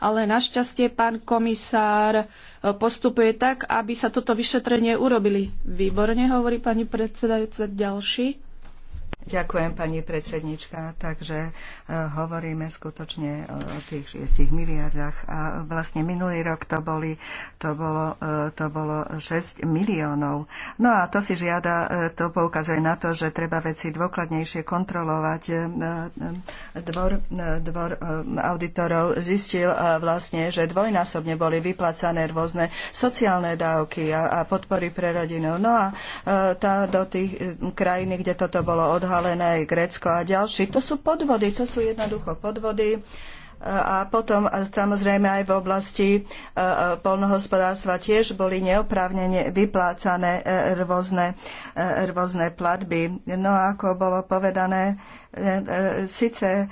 Ale našťastie pán komisár e, postupuje tak, aby sa toto vyšetrenie urobili. Výborne, hovorí pani predsedajúca ďalší. Ďakujem, pani predsednička. Takže e, hovoríme skutočne o tých 6 miliardách. A vlastne minulý rok to, boli, to, bolo, e, to bolo 6 miliónov. No a to si žiada, e, to poukazuje na to, že treba veci dôkladnejšie kontrolovať. Dvor, dvor auditorov zistil vlastne, že dvojnásobne boli vyplacané rôzne sociálne dávky a, a podpory pre rodinu. No a tá, do tých krajín, kde toto bolo odhalené, odhalené aj Grécko a ďalší. To sú podvody, to sú jednoducho podvody a potom samozrejme aj v oblasti e, e, poľnohospodárstva tiež boli neoprávnene vyplácané e, rôzne, rôzne platby. No a ako bolo povedané, síce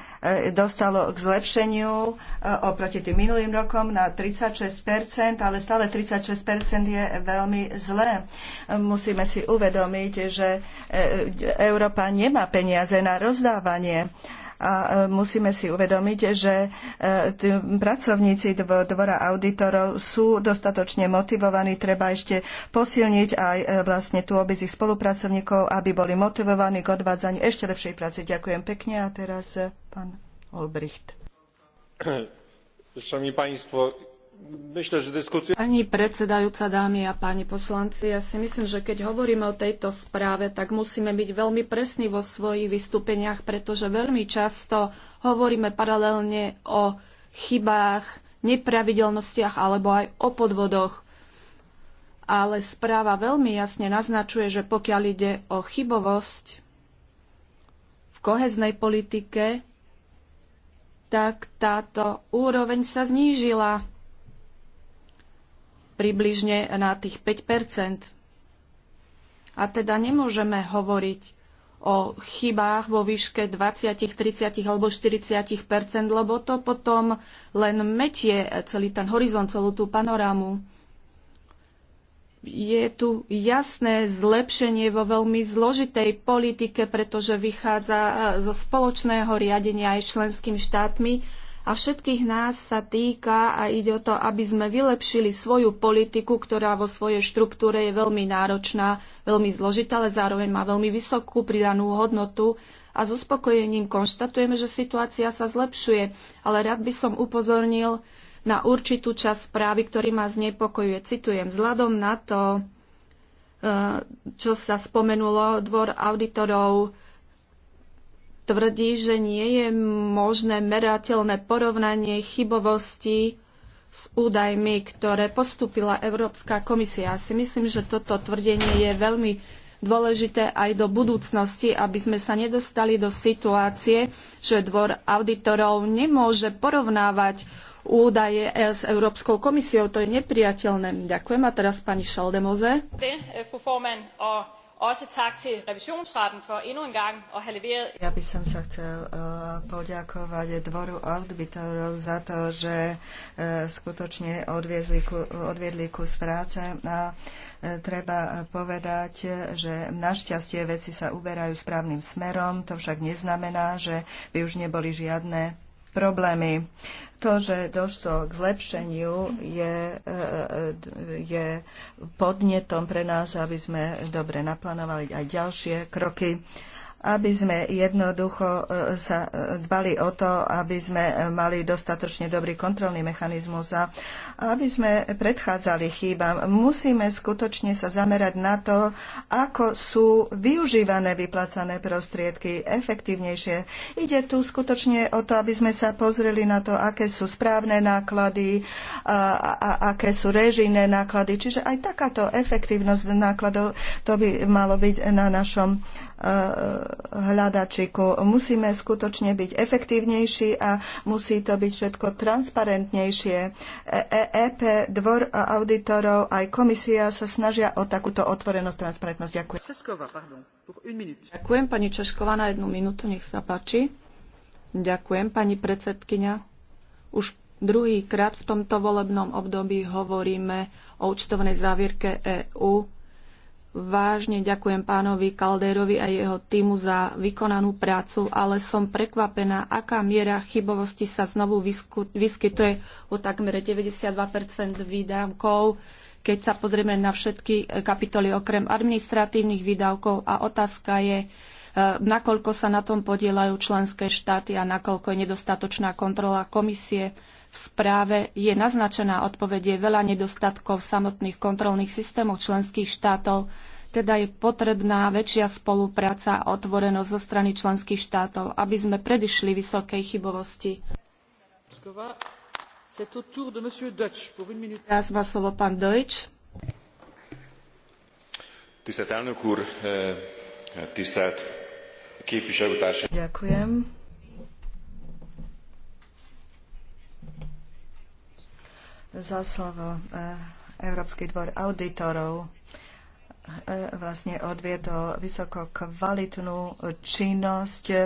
dostalo k zlepšeniu oproti tým minulým rokom na 36%, ale stále 36% je veľmi zlé. Musíme si uvedomiť, že Európa nemá peniaze na rozdávanie a e, musíme si uvedomiť, že e, pracovníci dvora auditorov sú dostatočne motivovaní, treba ešte posilniť aj e, vlastne tú obec ich spolupracovníkov, aby boli motivovaní k odvádzaniu ešte lepšej práce. Ďakujem pekne a teraz pán Olbricht. Szanowni Państwo, Pani predsedajúca, dámy a páni poslanci, ja si myslím, že keď hovoríme o tejto správe, tak musíme byť veľmi presní vo svojich vystúpeniach, pretože veľmi často hovoríme paralelne o chybách, nepravidelnostiach alebo aj o podvodoch. Ale správa veľmi jasne naznačuje, že pokiaľ ide o chybovosť v koheznej politike, tak táto úroveň sa znížila približne na tých 5 A teda nemôžeme hovoriť o chybách vo výške 20, 30 alebo 40 lebo to potom len metie celý ten horizont, celú tú panorámu. Je tu jasné zlepšenie vo veľmi zložitej politike, pretože vychádza e, zo spoločného riadenia aj členským štátmi a všetkých nás sa týka a ide o to, aby sme vylepšili svoju politiku, ktorá vo svojej štruktúre je veľmi náročná, veľmi zložitá, ale zároveň má veľmi vysokú pridanú hodnotu a s uspokojením konštatujeme, že situácia sa zlepšuje, ale rád by som upozornil na určitú časť správy, ktorý ma znepokojuje. Citujem, vzhľadom na to, eh, čo sa spomenulo, dvor auditorov tvrdí, že nie je možné merateľné porovnanie chybovosti s údajmi, ktoré postúpila Európska komisia. Ja si myslím, že toto tvrdenie je veľmi dôležité aj do budúcnosti, aby sme sa nedostali do situácie, že dvor auditorov nemôže porovnávať údaje s Európskou komisiou. To je nepriateľné. Ďakujem a teraz pani Šaldemoze. Ďakujem, eh, Også tak til revisionsretten for endnu en gang at have leveret... Ja by som sa chcel uh, poďakovať dvoru auditorov za to, že uh, skutočne odviedli, ku, odviedli kus práce a uh, treba povedať, že našťastie veci sa uberajú správnym smerom, to však neznamená, že by už neboli žiadne problémy. To, že došlo k zlepšeniu, je, e, e, e, je podnetom pre nás, aby sme dobre naplánovali aj ďalšie kroky aby sme jednoducho e, sa e, dbali o to, aby sme e, mali dostatočne dobrý kontrolný mechanizmus a aby sme predchádzali chýbam. Musíme skutočne sa zamerať na to, ako sú využívané vyplacané prostriedky efektívnejšie. Ide tu skutočne o to, aby sme sa pozreli na to, aké sú správne náklady, a, aké sú režijné náklady. Čiže aj takáto efektívnosť nákladov, to by malo byť na našom e, hľadačiku. Musíme skutočne byť efektívnejší a musí to byť všetko transparentnejšie. EP, e, e dvor auditorov, aj komisia sa snažia o takúto otvorenosť, transparentnosť. Ďakujem. pardon, Ďakujem pani Češková na jednu minútu, nech sa páči. Ďakujem pani predsedkynia. Už Druhýkrát v tomto volebnom období hovoríme o účtovnej závierke EÚ. Vážne ďakujem pánovi Kalderovi a jeho týmu za vykonanú prácu, ale som prekvapená, aká miera chybovosti sa znovu vyskytuje o takmer 92 výdavkov keď sa pozrieme na všetky kapitoly okrem administratívnych výdavkov a otázka je, e, nakoľko sa na tom podielajú členské štáty a nakoľko je nedostatočná kontrola komisie. V správe je naznačená odpoveď, je veľa nedostatkov samotných kontrolných systémov členských štátov, teda je potrebná väčšia spolupráca a otvorenosť zo strany členských štátov, aby sme predišli vysokej chybovosti. Teraz má slovo pán Deutsch. Tisztelt elnök úr, eh, tisztelt képviselőtársaim! Ďakujem. za slovo eh, Európsky dvor auditorov E, vlastne odviedol vysoko kvalitnú činnosť e,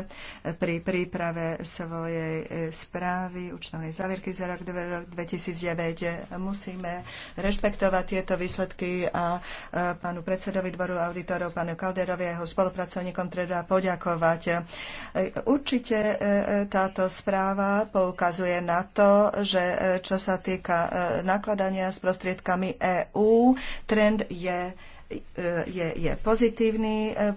pri príprave svojej e, správy účtovnej závierky za rok 2009. Musíme rešpektovať tieto výsledky a pánu predsedovi dvoru auditorov, pánu Kalderovi a jeho spolupracovníkom treba poďakovať. Určite táto správa poukazuje na to, že čo sa týka nakladania s prostriedkami EÚ, trend je je, je pozitívny, e, e,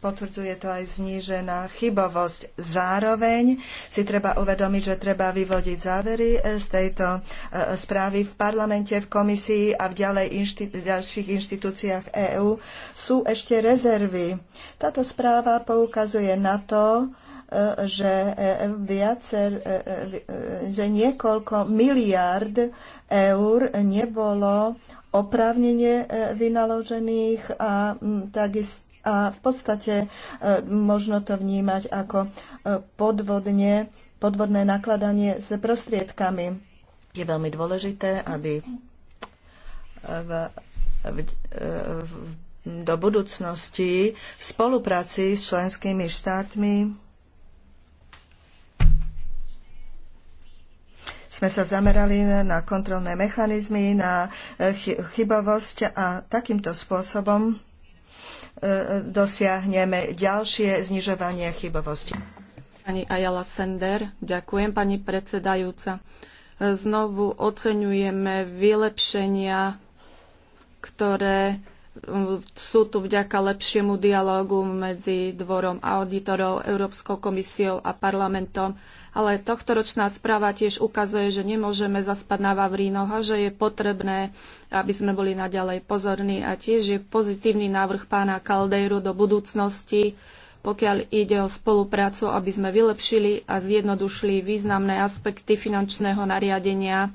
potvrdzuje to aj znížená chybovosť. Zároveň si treba uvedomiť, že treba vyvodiť závery e, z tejto správy v parlamente, v komisii a v ďalej inštit- ďalších inštitúciách EÚ. Sú ešte rezervy. Táto správa poukazuje na to, že, viacer, že niekoľko miliárd eur nebolo oprávnenie e, vynaložených a takisto a v podstate e, možno to vnímať ako e, podvodne, podvodné nakladanie s prostriedkami. Je veľmi dôležité, aby v, v, v, do budúcnosti v spolupráci s členskými štátmi sme sa zamerali na kontrolné mechanizmy, na eh, chybovosť a takýmto spôsobom eh, dosiahneme ďalšie znižovanie chybovosti. Pani Ajala Sender, ďakujem pani predsedajúca. Znovu oceňujeme vylepšenia, ktoré eh, sú tu vďaka lepšiemu dialogu medzi dvorom auditorov, Európskou komisiou a parlamentom ale tohtoročná správa tiež ukazuje, že nemôžeme zaspať na Vavrínoch a že je potrebné, aby sme boli naďalej pozorní a tiež je pozitívny návrh pána Kaldejru do budúcnosti, pokiaľ ide o spoluprácu, aby sme vylepšili a zjednodušili významné aspekty finančného nariadenia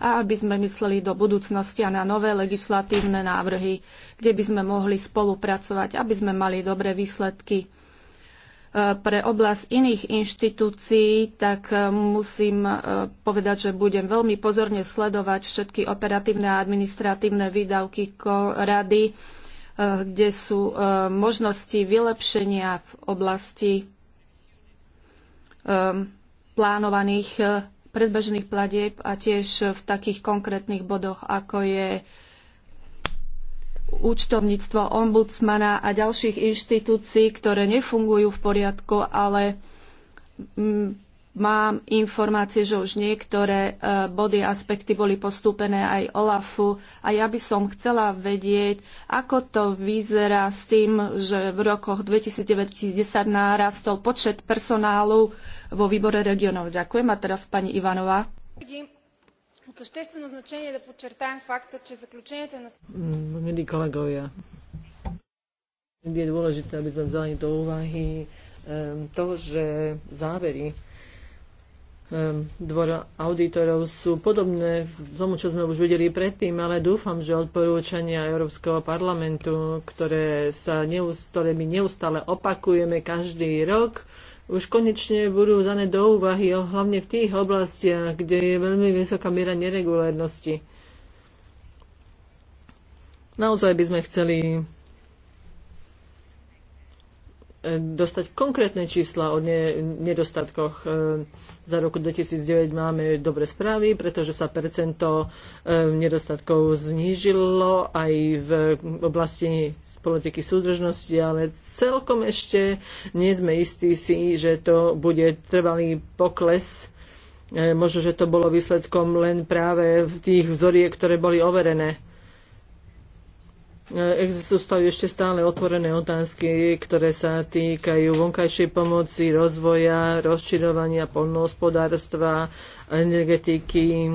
a aby sme mysleli do budúcnosti a na nové legislatívne návrhy, kde by sme mohli spolupracovať, aby sme mali dobré výsledky pre oblasť iných inštitúcií, tak eh, musím eh, povedať, že budem veľmi pozorne sledovať všetky operatívne a administratívne výdavky rady, eh, kde sú možnosti vylepšenia v oblasti plánovaných predbežných platieb a tiež v takých konkrétnych bodoch, ako je účtovníctvo ombudsmana a ďalších inštitúcií, ktoré nefungujú v poriadku, ale mm, mám informácie, že už niektoré e, body, aspekty boli postúpené aj OLAFu a ja by som chcela vedieť, ako to vyzerá s tým, že v rokoch 2009-2010 narastol počet personálu vo výbore regionov. Ďakujem a teraz pani Ivanová. Ďakujem съществено значение да подчертаем факта, че заключенията на... Milí kolegovia, je dôležité, aby sme vzali do úvahy to, že závery dvora auditorov sú podobné tomu, čo sme už videli predtým, ale dúfam, že odporúčania Európskeho parlamentu, ktoré, sa neustále, my neustále opakujeme každý rok, už konečne budú dané do úvahy, hlavne v tých oblastiach, kde je veľmi vysoká miera neregulárnosti. Naozaj by sme chceli dostať konkrétne čísla o nedostatkoch. E, za roku 2009 máme dobre správy, pretože sa percento e, nedostatkov znížilo aj v oblasti politiky súdržnosti, ale celkom ešte nie sme istí si, že to bude trvalý pokles e, Možno, že to bolo výsledkom len práve tých vzoriek, ktoré boli overené Existujú ešte stále otvorené otázky, ktoré sa týkajú vonkajšej pomoci, rozvoja, rozširovania polnohospodárstva, energetiky, e,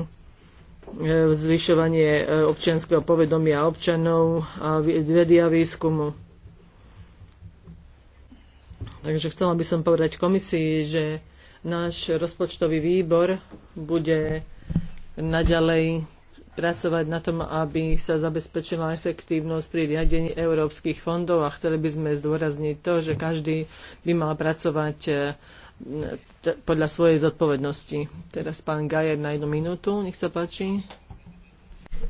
zvyšovanie e, občianského povedomia občanov a vedia výskumu. Takže chcela by som povedať komisii, že náš rozpočtový výbor bude naďalej pracovať na tom, aby sa zabezpečila efektívnosť pri riadení európskych fondov a chceli by sme zdôrazniť to, že každý by mal pracovať e, podľa svojej zodpovednosti. Teraz pán Gajer na jednu minútu, nech sa páči.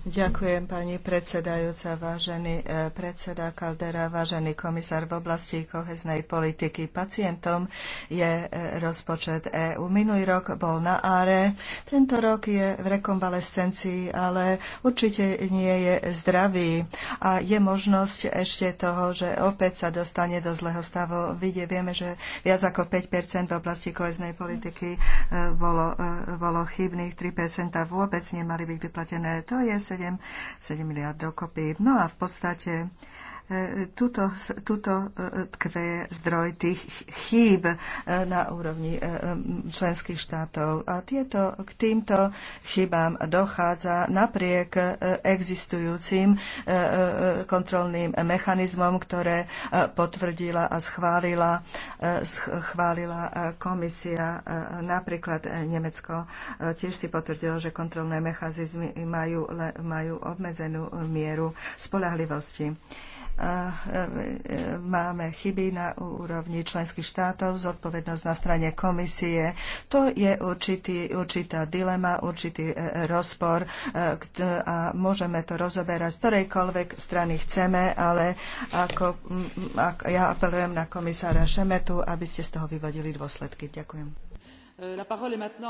Ďakujem pani predsedajúca, vážený e, predseda Kaldera, vážený komisár v oblasti koheznej politiky. Pacientom je e, rozpočet EÚ. Minulý rok bol na áre, tento rok je v rekonvalescencii, ale určite nie je zdravý a je možnosť ešte toho, že opäť sa dostane do zlého stavu. Vidie, vieme, že viac ako 5 v oblasti koheznej politiky e, bolo, bolo chybných, 3 vôbec nemali byť vyplatené. To je 7, miliard dokopy. No a v podstate tuto, tuto e, tkve zdroj tých chýb e, na úrovni e, členských štátov. A tieto, k týmto chybám dochádza napriek existujúcim kontrolným mechanizmom, ktoré potvrdila a schválila, schválila komisia. Napríklad Nemecko tiež si potvrdilo, že kontrolné mechanizmy majú, majú obmedzenú mieru spolahlivosti a e, e, máme chyby na úrovni členských štátov, zodpovednosť na strane komisie. To je určitý, určitá dilema, určitý e, rozpor a môžeme to rozoberať z ktorejkoľvek strany chceme, ale ako, ako ja apelujem na komisára Šemetu, aby ste z toho vyvodili dôsledky. Ďakujem.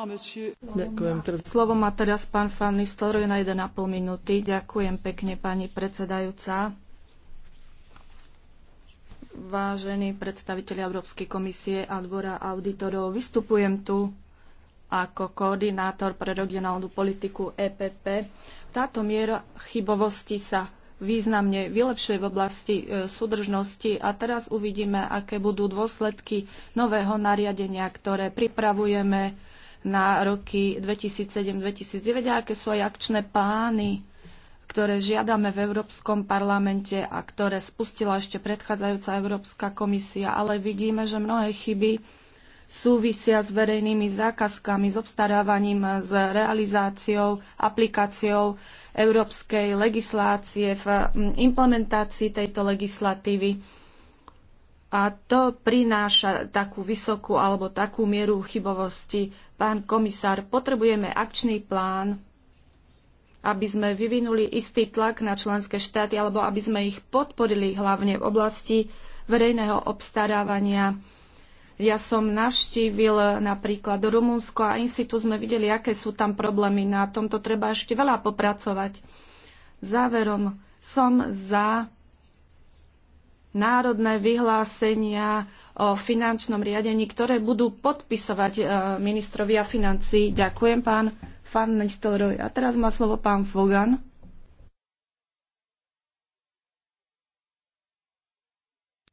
Monsieur... Ďakujem. Teda. Slovo má teraz pán Fanny Story na 1,5 minúty. Ďakujem pekne, pani predsedajúca vážení predstaviteľi Európskej komisie a dvora auditorov. Vystupujem tu ako koordinátor pre regionálnu politiku EPP. Táto miera chybovosti sa významne vylepšuje v oblasti e, súdržnosti a teraz uvidíme, aké budú dôsledky nového nariadenia, ktoré pripravujeme na roky 2007-2009 a aké sú aj akčné plány ktoré žiadame v Európskom parlamente a ktoré spustila ešte predchádzajúca Európska komisia, ale vidíme, že mnohé chyby súvisia s verejnými zákazkami, s obstarávaním, s realizáciou, aplikáciou európskej legislácie, v implementácii tejto legislatívy. A to prináša takú vysokú alebo takú mieru chybovosti. Pán komisár, potrebujeme akčný plán aby sme vyvinuli istý tlak na členské štáty alebo aby sme ich podporili hlavne v oblasti verejného obstarávania. Ja som navštívil napríklad Rumunsko a in situ sme videli, aké sú tam problémy. Na tomto treba ešte veľa popracovať. Záverom som za národné vyhlásenia o finančnom riadení, ktoré budú podpisovať e, ministrovia financí. Ďakujem, pán Fan Nistelrooy. A teraz má slovo pán Fogan.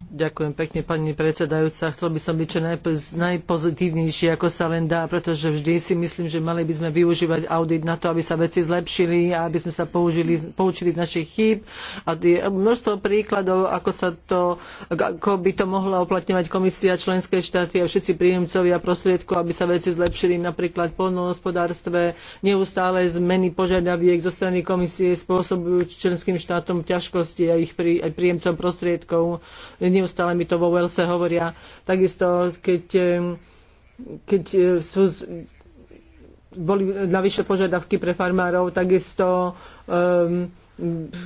Ďakujem pekne, pani predsedajúca. Chcel by som byť čo najpozitívnejší, ako sa len dá, pretože vždy si myslím, že mali by sme využívať audit na to, aby sa veci zlepšili a aby sme sa použili, poučili z našich chýb. A je množstvo príkladov, ako, sa to, ako by to mohla uplatňovať komisia, členské štáty a všetci príjemcovia prostriedkov, aby sa veci zlepšili napríklad v polnohospodárstve. Neustále zmeny požiadaviek zo strany komisie spôsobujú členským štátom ťažkosti a ich prí, aj príjemcom prostriedkov neustále mi to vo Walese hovoria. Takisto, keď, eh, keď eh, sú boli navyše požiadavky pre farmárov, takisto um,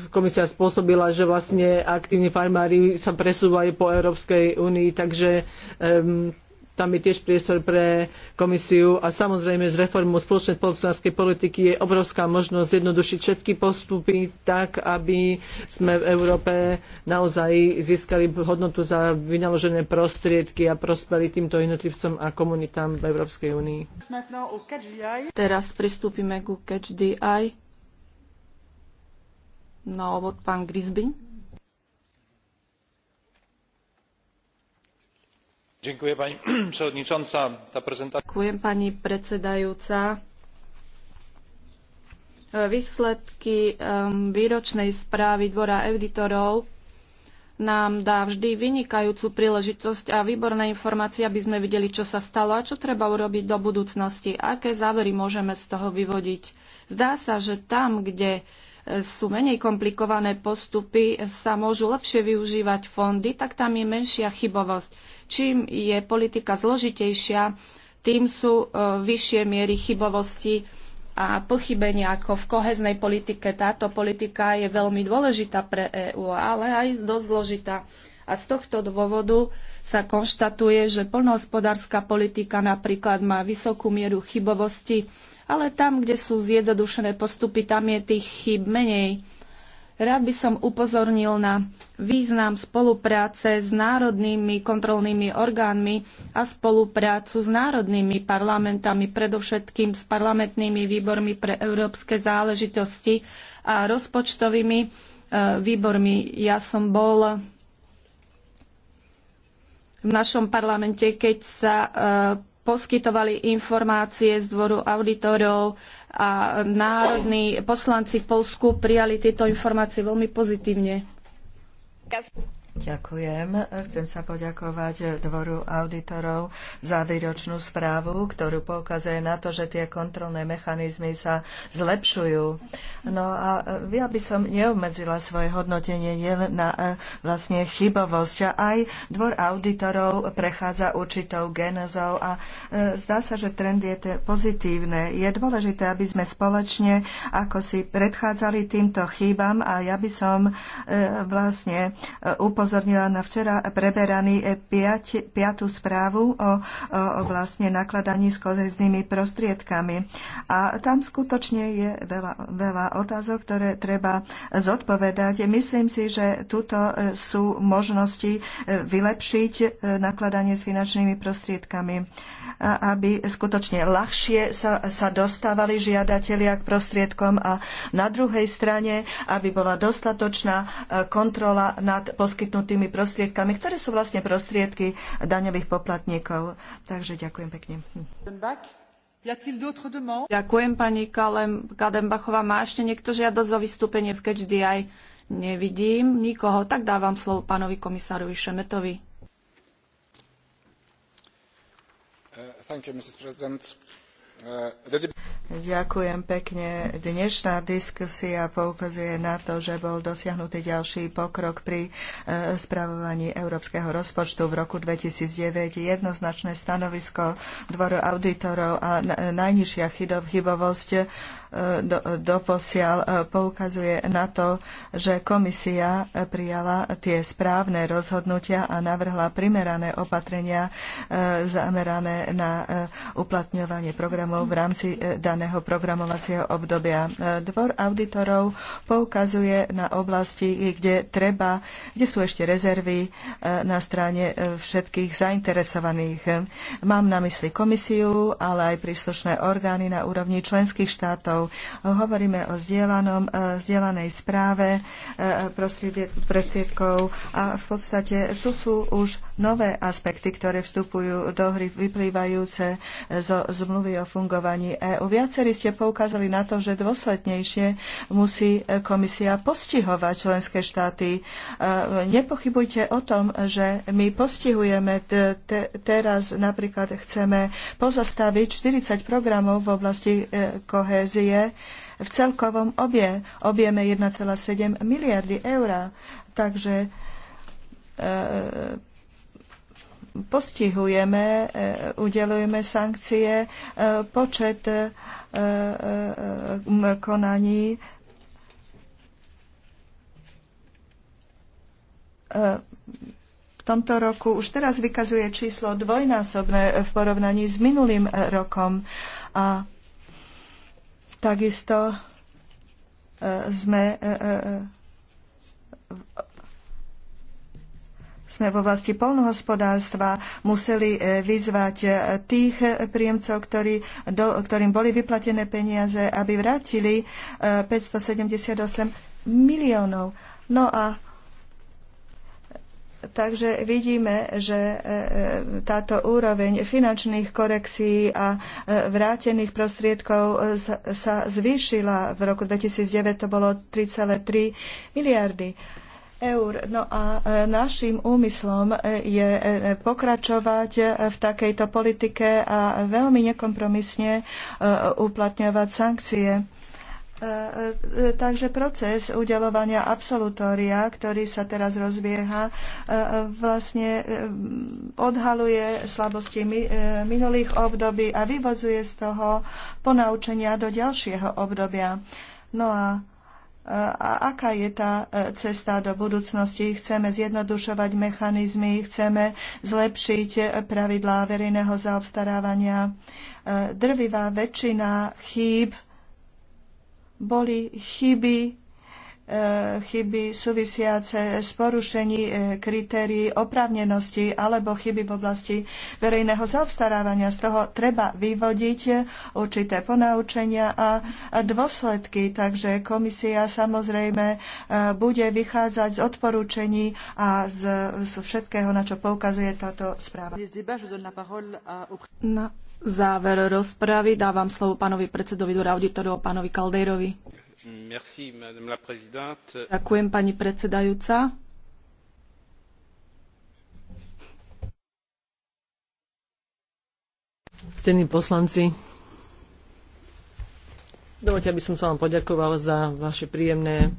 komisia spôsobila, že vlastne aktívni farmári sa presúvajú po Európskej únii, takže um, tam je tiež priestor pre komisiu a samozrejme z reformu spoločnej polnospodárskej politiky je obrovská možnosť zjednodušiť všetky postupy tak, aby sme v Európe naozaj získali hodnotu za vynaložené prostriedky a prospeli týmto jednotlivcom a komunitám v Európskej únii. Teraz pristúpime ku Catch the Eye. No, od pán Grisby. Ďakujem pani predsedajúca. Výsledky výročnej správy Dvora auditorov nám dá vždy vynikajúcu príležitosť a výborné informácie, aby sme videli, čo sa stalo a čo treba urobiť do budúcnosti, aké závery môžeme z toho vyvodiť. Zdá sa, že tam, kde sú menej komplikované postupy, sa môžu lepšie využívať fondy, tak tam je menšia chybovosť. Čím je politika zložitejšia, tým sú e, vyššie miery chybovosti a pochybenia ako v koheznej politike. Táto politika je veľmi dôležitá pre EÚ, ale aj dosť zložitá. A z tohto dôvodu sa konštatuje, že poľnohospodárska politika napríklad má vysokú mieru chybovosti ale tam, kde sú zjednodušené postupy, tam je tých chyb menej. Rád by som upozornil na význam spolupráce s národnými kontrolnými orgánmi a spoluprácu s národnými parlamentami, predovšetkým s parlamentnými výbormi pre európske záležitosti a rozpočtovými e, výbormi. Ja som bol v našom parlamente, keď sa e, poskytovali informácie z dvoru auditorov a národní poslanci v Polsku prijali tieto informácie veľmi pozitívne. Ďakujem. Chcem sa poďakovať Dvoru auditorov za výročnú správu, ktorú poukazuje na to, že tie kontrolné mechanizmy sa zlepšujú. No a ja by som neobmedzila svoje hodnotenie na e, vlastne chybovosť. Aj Dvor auditorov prechádza určitou genezou a e, zdá sa, že trend je pozitívne. Je dôležité, aby sme spoločne ako si predchádzali týmto chybám a ja by som e, vlastne upozorila upozornila na včera preberaný 5. správu o, o, o vlastne nakladaní s koheznými prostriedkami. A tam skutočne je veľa, veľa otázok, ktoré treba zodpovedať. Myslím si, že tuto e, sú možnosti e, vylepšiť e, nakladanie s finančnými prostriedkami aby skutočne ľahšie sa, sa dostávali žiadatelia k prostriedkom a na druhej strane, aby bola dostatočná e, kontrola nad poskytnutými prostriedkami, ktoré sú vlastne prostriedky daňových poplatníkov. Takže ďakujem pekne. Ďakujem pani Kadembachová. Má ešte niekto žiadosť o vystúpenie v Catch aj Nevidím nikoho, tak dávam slovo pánovi komisárovi Šemetovi. Uh, Ďakujem pekne. Dnešná diskusia poukazuje na to, že bol dosiahnutý ďalší pokrok pri e, spravovaní európskeho rozpočtu v roku 2009. Jednoznačné stanovisko dvoru auditorov a najnižšia chybovosť doposiaľ e, poukazuje na to, že komisia prijala tie správne rozhodnutia a navrhla primerané opatrenia e, zamerané na e, uplatňovanie programov v rámci daného programovacieho obdobia. Dvor auditorov poukazuje na oblasti, kde treba, kde sú ešte rezervy na strane všetkých zainteresovaných. Mám na mysli komisiu, ale aj príslušné orgány na úrovni členských štátov partnerov. Hovoríme o zdieľanom, e, zdieľanej správe e, prostriedkov a v podstate tu sú už nové aspekty, ktoré vstupujú do hry vyplývajúce e, zo zmluvy o fungovaní EÚ. Viacerí ste poukázali na to, že dôslednejšie musí komisia postihovať členské štáty. Nepochybujte o tom, že my postihujeme teraz napríklad chceme pozastaviť 40 programov v oblasti kohézie je v celkovom obie, objeme 1,7 miliardy eur. Takže e, postihujeme, e, udelujeme sankcie, e, počet konaní v tomto roku už teraz vykazuje číslo dvojnásobné v porovnaní s minulým rokom. A Takisto e, sme e, e, sme v oblasti polnohospodárstva museli vyzvať tých príjemcov, ktorý, do, ktorým boli vyplatené peniaze, aby vrátili 578 miliónov. No a Takže vidíme, že e, e, táto úroveň finančných korekcií a e, vrátených prostriedkov sa zvýšila. V roku 2009 to bolo 3,3 miliardy eur. No a našim úmyslom je pokračovať v takejto politike a veľmi nekompromisne uplatňovať sankcie E, e, takže proces udelovania absolutória, ktorý sa teraz rozvieha, e, vlastne odhaluje slabosti minulých období a vyvozuje z toho ponaučenia do ďalšieho obdobia. No a a aká je tá cesta do budúcnosti. Chceme zjednodušovať mechanizmy, chceme zlepšiť pravidlá verejného zaobstarávania. Drvivá väčšina chýb boli chyby, e, chyby súvisiace s porušení e, kritérií oprávnenosti alebo chyby v oblasti verejného zaobstarávania. Z toho treba vyvodiť určité ponaučenia a dôsledky. Takže komisia samozrejme e, bude vychádzať z odporúčení a z, všetkého, na čo poukazuje táto správa. Na záver rozpravy. Dávam slovo pánovi predsedovi Dora auditorov, pánovi Kaldejrovi. Merci, Ďakujem, pani predsedajúca. Cení poslanci, dovolte, aby som sa vám poďakoval za vaše príjemné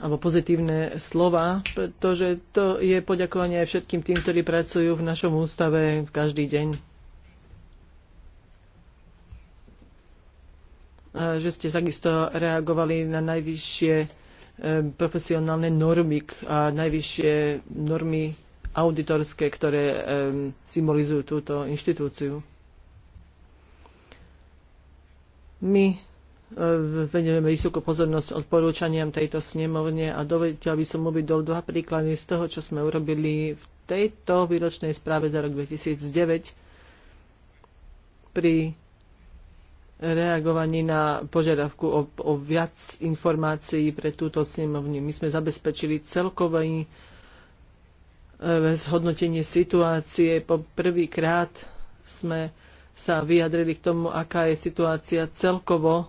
alebo pozitívne slova, pretože to je poďakovanie aj všetkým tým, ktorí pracujú v našom ústave každý deň. že ste takisto reagovali na najvyššie e, profesionálne normy a najvyššie normy auditorské, ktoré e, symbolizujú túto inštitúciu. My e, venujeme vysokú pozornosť odporúčaniam tejto snemovne a dovedel by som do dva príklady z toho, čo sme urobili v tejto výročnej správe za rok 2009 pri reagovaní na požiadavku o, o viac informácií pre túto snemovňu. My sme zabezpečili celkové e, zhodnotenie situácie. Po prvýkrát sme sa vyjadrili k tomu, aká je situácia celkovo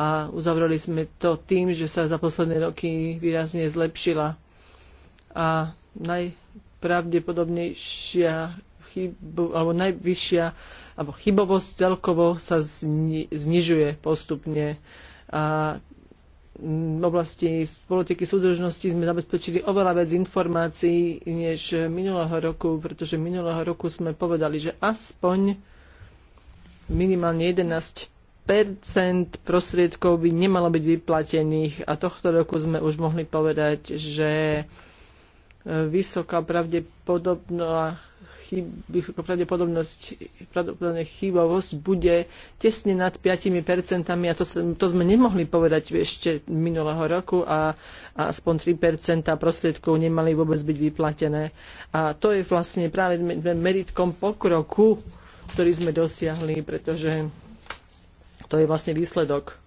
a uzavreli sme to tým, že sa za posledné roky výrazne zlepšila. A najpravdepodobnejšia chybu, alebo najvyššia alebo chybovosť celkovo sa zni, znižuje postupne. A v oblasti politiky súdržnosti sme zabezpečili oveľa viac informácií než minulého roku, pretože minulého roku sme povedali, že aspoň minimálne 11 prostriedkov by nemalo byť vyplatených a tohto roku sme už mohli povedať, že vysoká pravdepodobná chyby, pravdepodobnosť, pravdepodobne chybovosť bude tesne nad 5% a to, to sme nemohli povedať ešte minulého roku a, a aspoň 3% prostriedkov nemali vôbec byť vyplatené. A to je vlastne práve meritkom pokroku, ktorý sme dosiahli, pretože to je vlastne výsledok.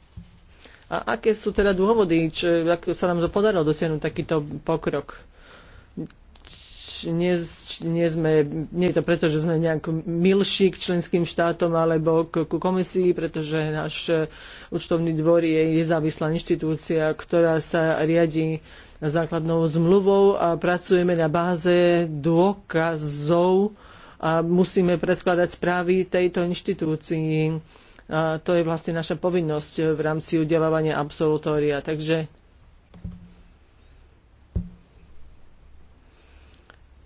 A aké sú teda dôvody, čo, ako sa nám to podarilo dosiahnuť takýto pokrok? nie, nie, sme, nie je to preto, že sme nejak milší k členským štátom alebo k, k komisii, pretože náš e, účtovný dvor je nezávislá inštitúcia, ktorá sa riadi základnou zmluvou a pracujeme na báze dôkazov a musíme predkladať správy tejto inštitúcii. A to je vlastne naša povinnosť v rámci udelovania absolutória. Takže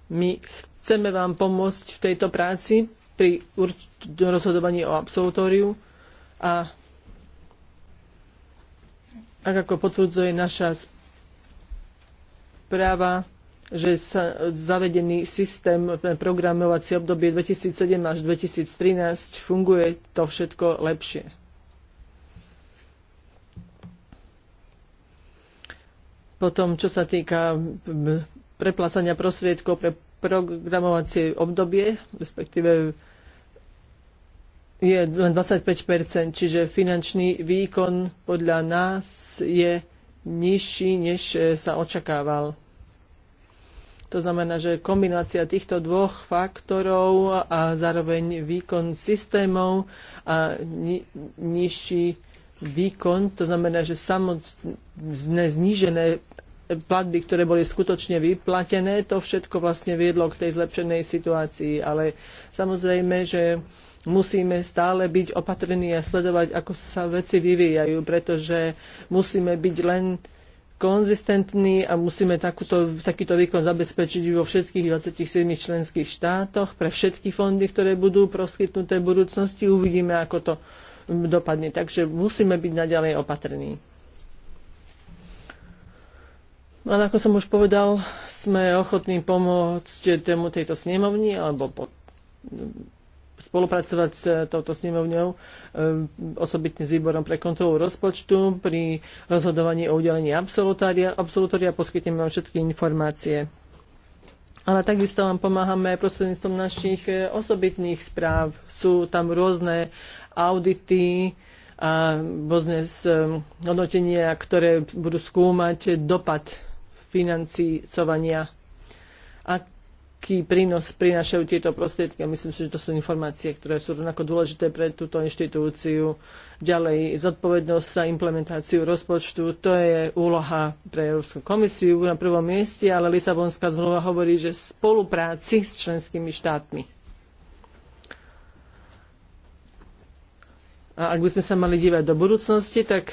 My chceme vám pomôcť v tejto práci pri rozhodovaní o absolutóriu a ak ako potvrdzuje naša správa, že sa zavedený systém e, programovacie obdobie 2007 až 2013 funguje to všetko lepšie. Potom, čo sa týka preplácania prostriedkov pre programovacie obdobie, respektíve je len 25 čiže finančný výkon podľa nás je nižší, než eh, sa očakával. To znamená, že kombinácia týchto dvoch faktorov a zároveň výkon systémov a ni- nižší výkon, to znamená, že samotné znížené platby, ktoré boli skutočne vyplatené, to všetko vlastne viedlo k tej zlepšenej situácii. Ale samozrejme, že musíme stále byť opatrní a sledovať, ako sa veci vyvíjajú, pretože musíme byť len konzistentní a musíme takúto, takýto výkon zabezpečiť vo všetkých 27 členských štátoch pre všetky fondy, ktoré budú proskytnuté v budúcnosti. Uvidíme, ako to dopadne. Takže musíme byť naďalej opatrní. Len ako som už povedal, sme ochotní pomôcť tému tejto snemovni alebo po, spolupracovať s touto snemovňou, ehm, osobitne s výborom pre kontrolu rozpočtu. Pri rozhodovaní o udelení absolutória, absolutória poskytneme vám všetky informácie. Ale takisto vám pomáhame prostredníctvom našich e, osobitných správ. Sú tam rôzne audity a rôzne ehm, hodnotenia, ktoré budú skúmať dopad financovania. Aký prínos prinášajú tieto prostriedky? Myslím si, že to sú informácie, ktoré sú rovnako dôležité pre túto inštitúciu. Ďalej, zodpovednosť za implementáciu rozpočtu, to je úloha pre Európsku komisiu na prvom mieste, ale Lisabonská zmluva hovorí, že spolupráci s členskými štátmi. A ak by sme sa mali dívať do budúcnosti, tak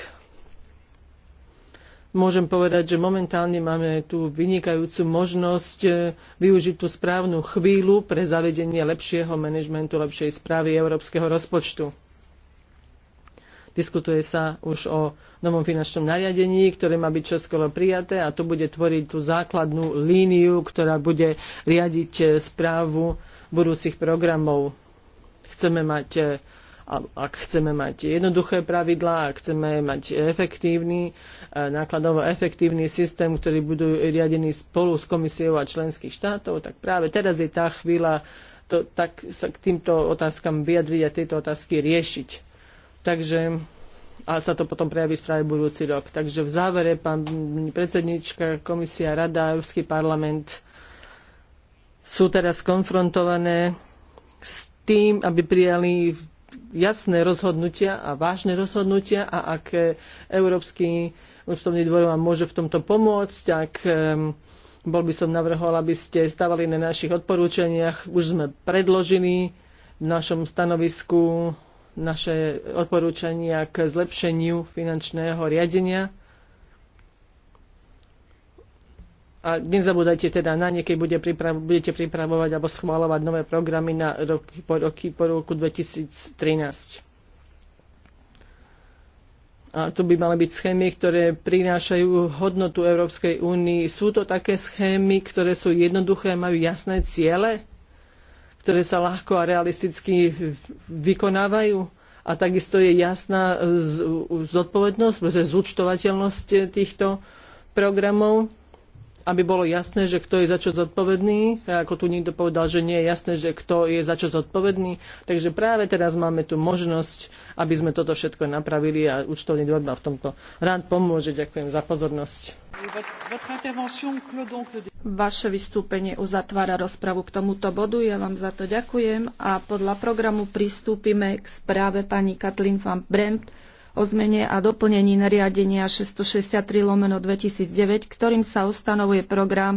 môžem povedať, že momentálne máme tú vynikajúcu možnosť e, využiť tú správnu chvíľu pre zavedenie lepšieho manažmentu, lepšej správy európskeho rozpočtu. Diskutuje sa už o novom finančnom nariadení, ktoré má byť čoskoro prijaté a to bude tvoriť tú základnú líniu, ktorá bude riadiť e, správu budúcich programov. Chceme mať e, a ak chceme mať jednoduché pravidlá, ak chceme mať efektívny, e, nákladovo efektívny systém, ktorý budú riadený spolu s komisiou a členských štátov, tak práve teraz je tá chvíľa to, tak sa k týmto otázkam vyjadriť a tieto otázky riešiť. Takže a sa to potom prejaví správe budúci rok. Takže v závere, pán predsednička, komisia, rada, Európsky parlament sú teraz konfrontované s tým, aby prijali jasné rozhodnutia a vážne rozhodnutia a ak eh, Európsky účtovný dvor vám môže v tomto pomôcť, tak eh, bol by som navrhol, aby ste stávali na našich odporúčaniach. Už sme predložili v našom stanovisku naše odporúčania k zlepšeniu finančného riadenia a nezabúdajte teda na ne, keď bude pripravo, budete pripravovať alebo schváľovať nové programy na roky, po, roky, po roku 2013. A tu by mali byť schémy, ktoré prinášajú hodnotu Európskej únii. Sú to také schémy, ktoré sú jednoduché, majú jasné ciele, ktoré sa ľahko a realisticky vykonávajú. A takisto je jasná zodpovednosť, zúčtovateľnosť týchto programov aby bolo jasné, že kto je za čo zodpovedný. Ako tu niekto povedal, že nie je jasné, že kto je za čo zodpovedný. Takže práve teraz máme tu možnosť, aby sme toto všetko napravili a účtovný dvor v tomto rád pomôže. Ďakujem za pozornosť. Vaše vystúpenie uzatvára rozpravu k tomuto bodu. Ja vám za to ďakujem a podľa programu pristúpime k správe pani Katlin van Bremt o zmene a doplnení nariadenia 663 lomeno 2009, ktorým sa ustanovuje program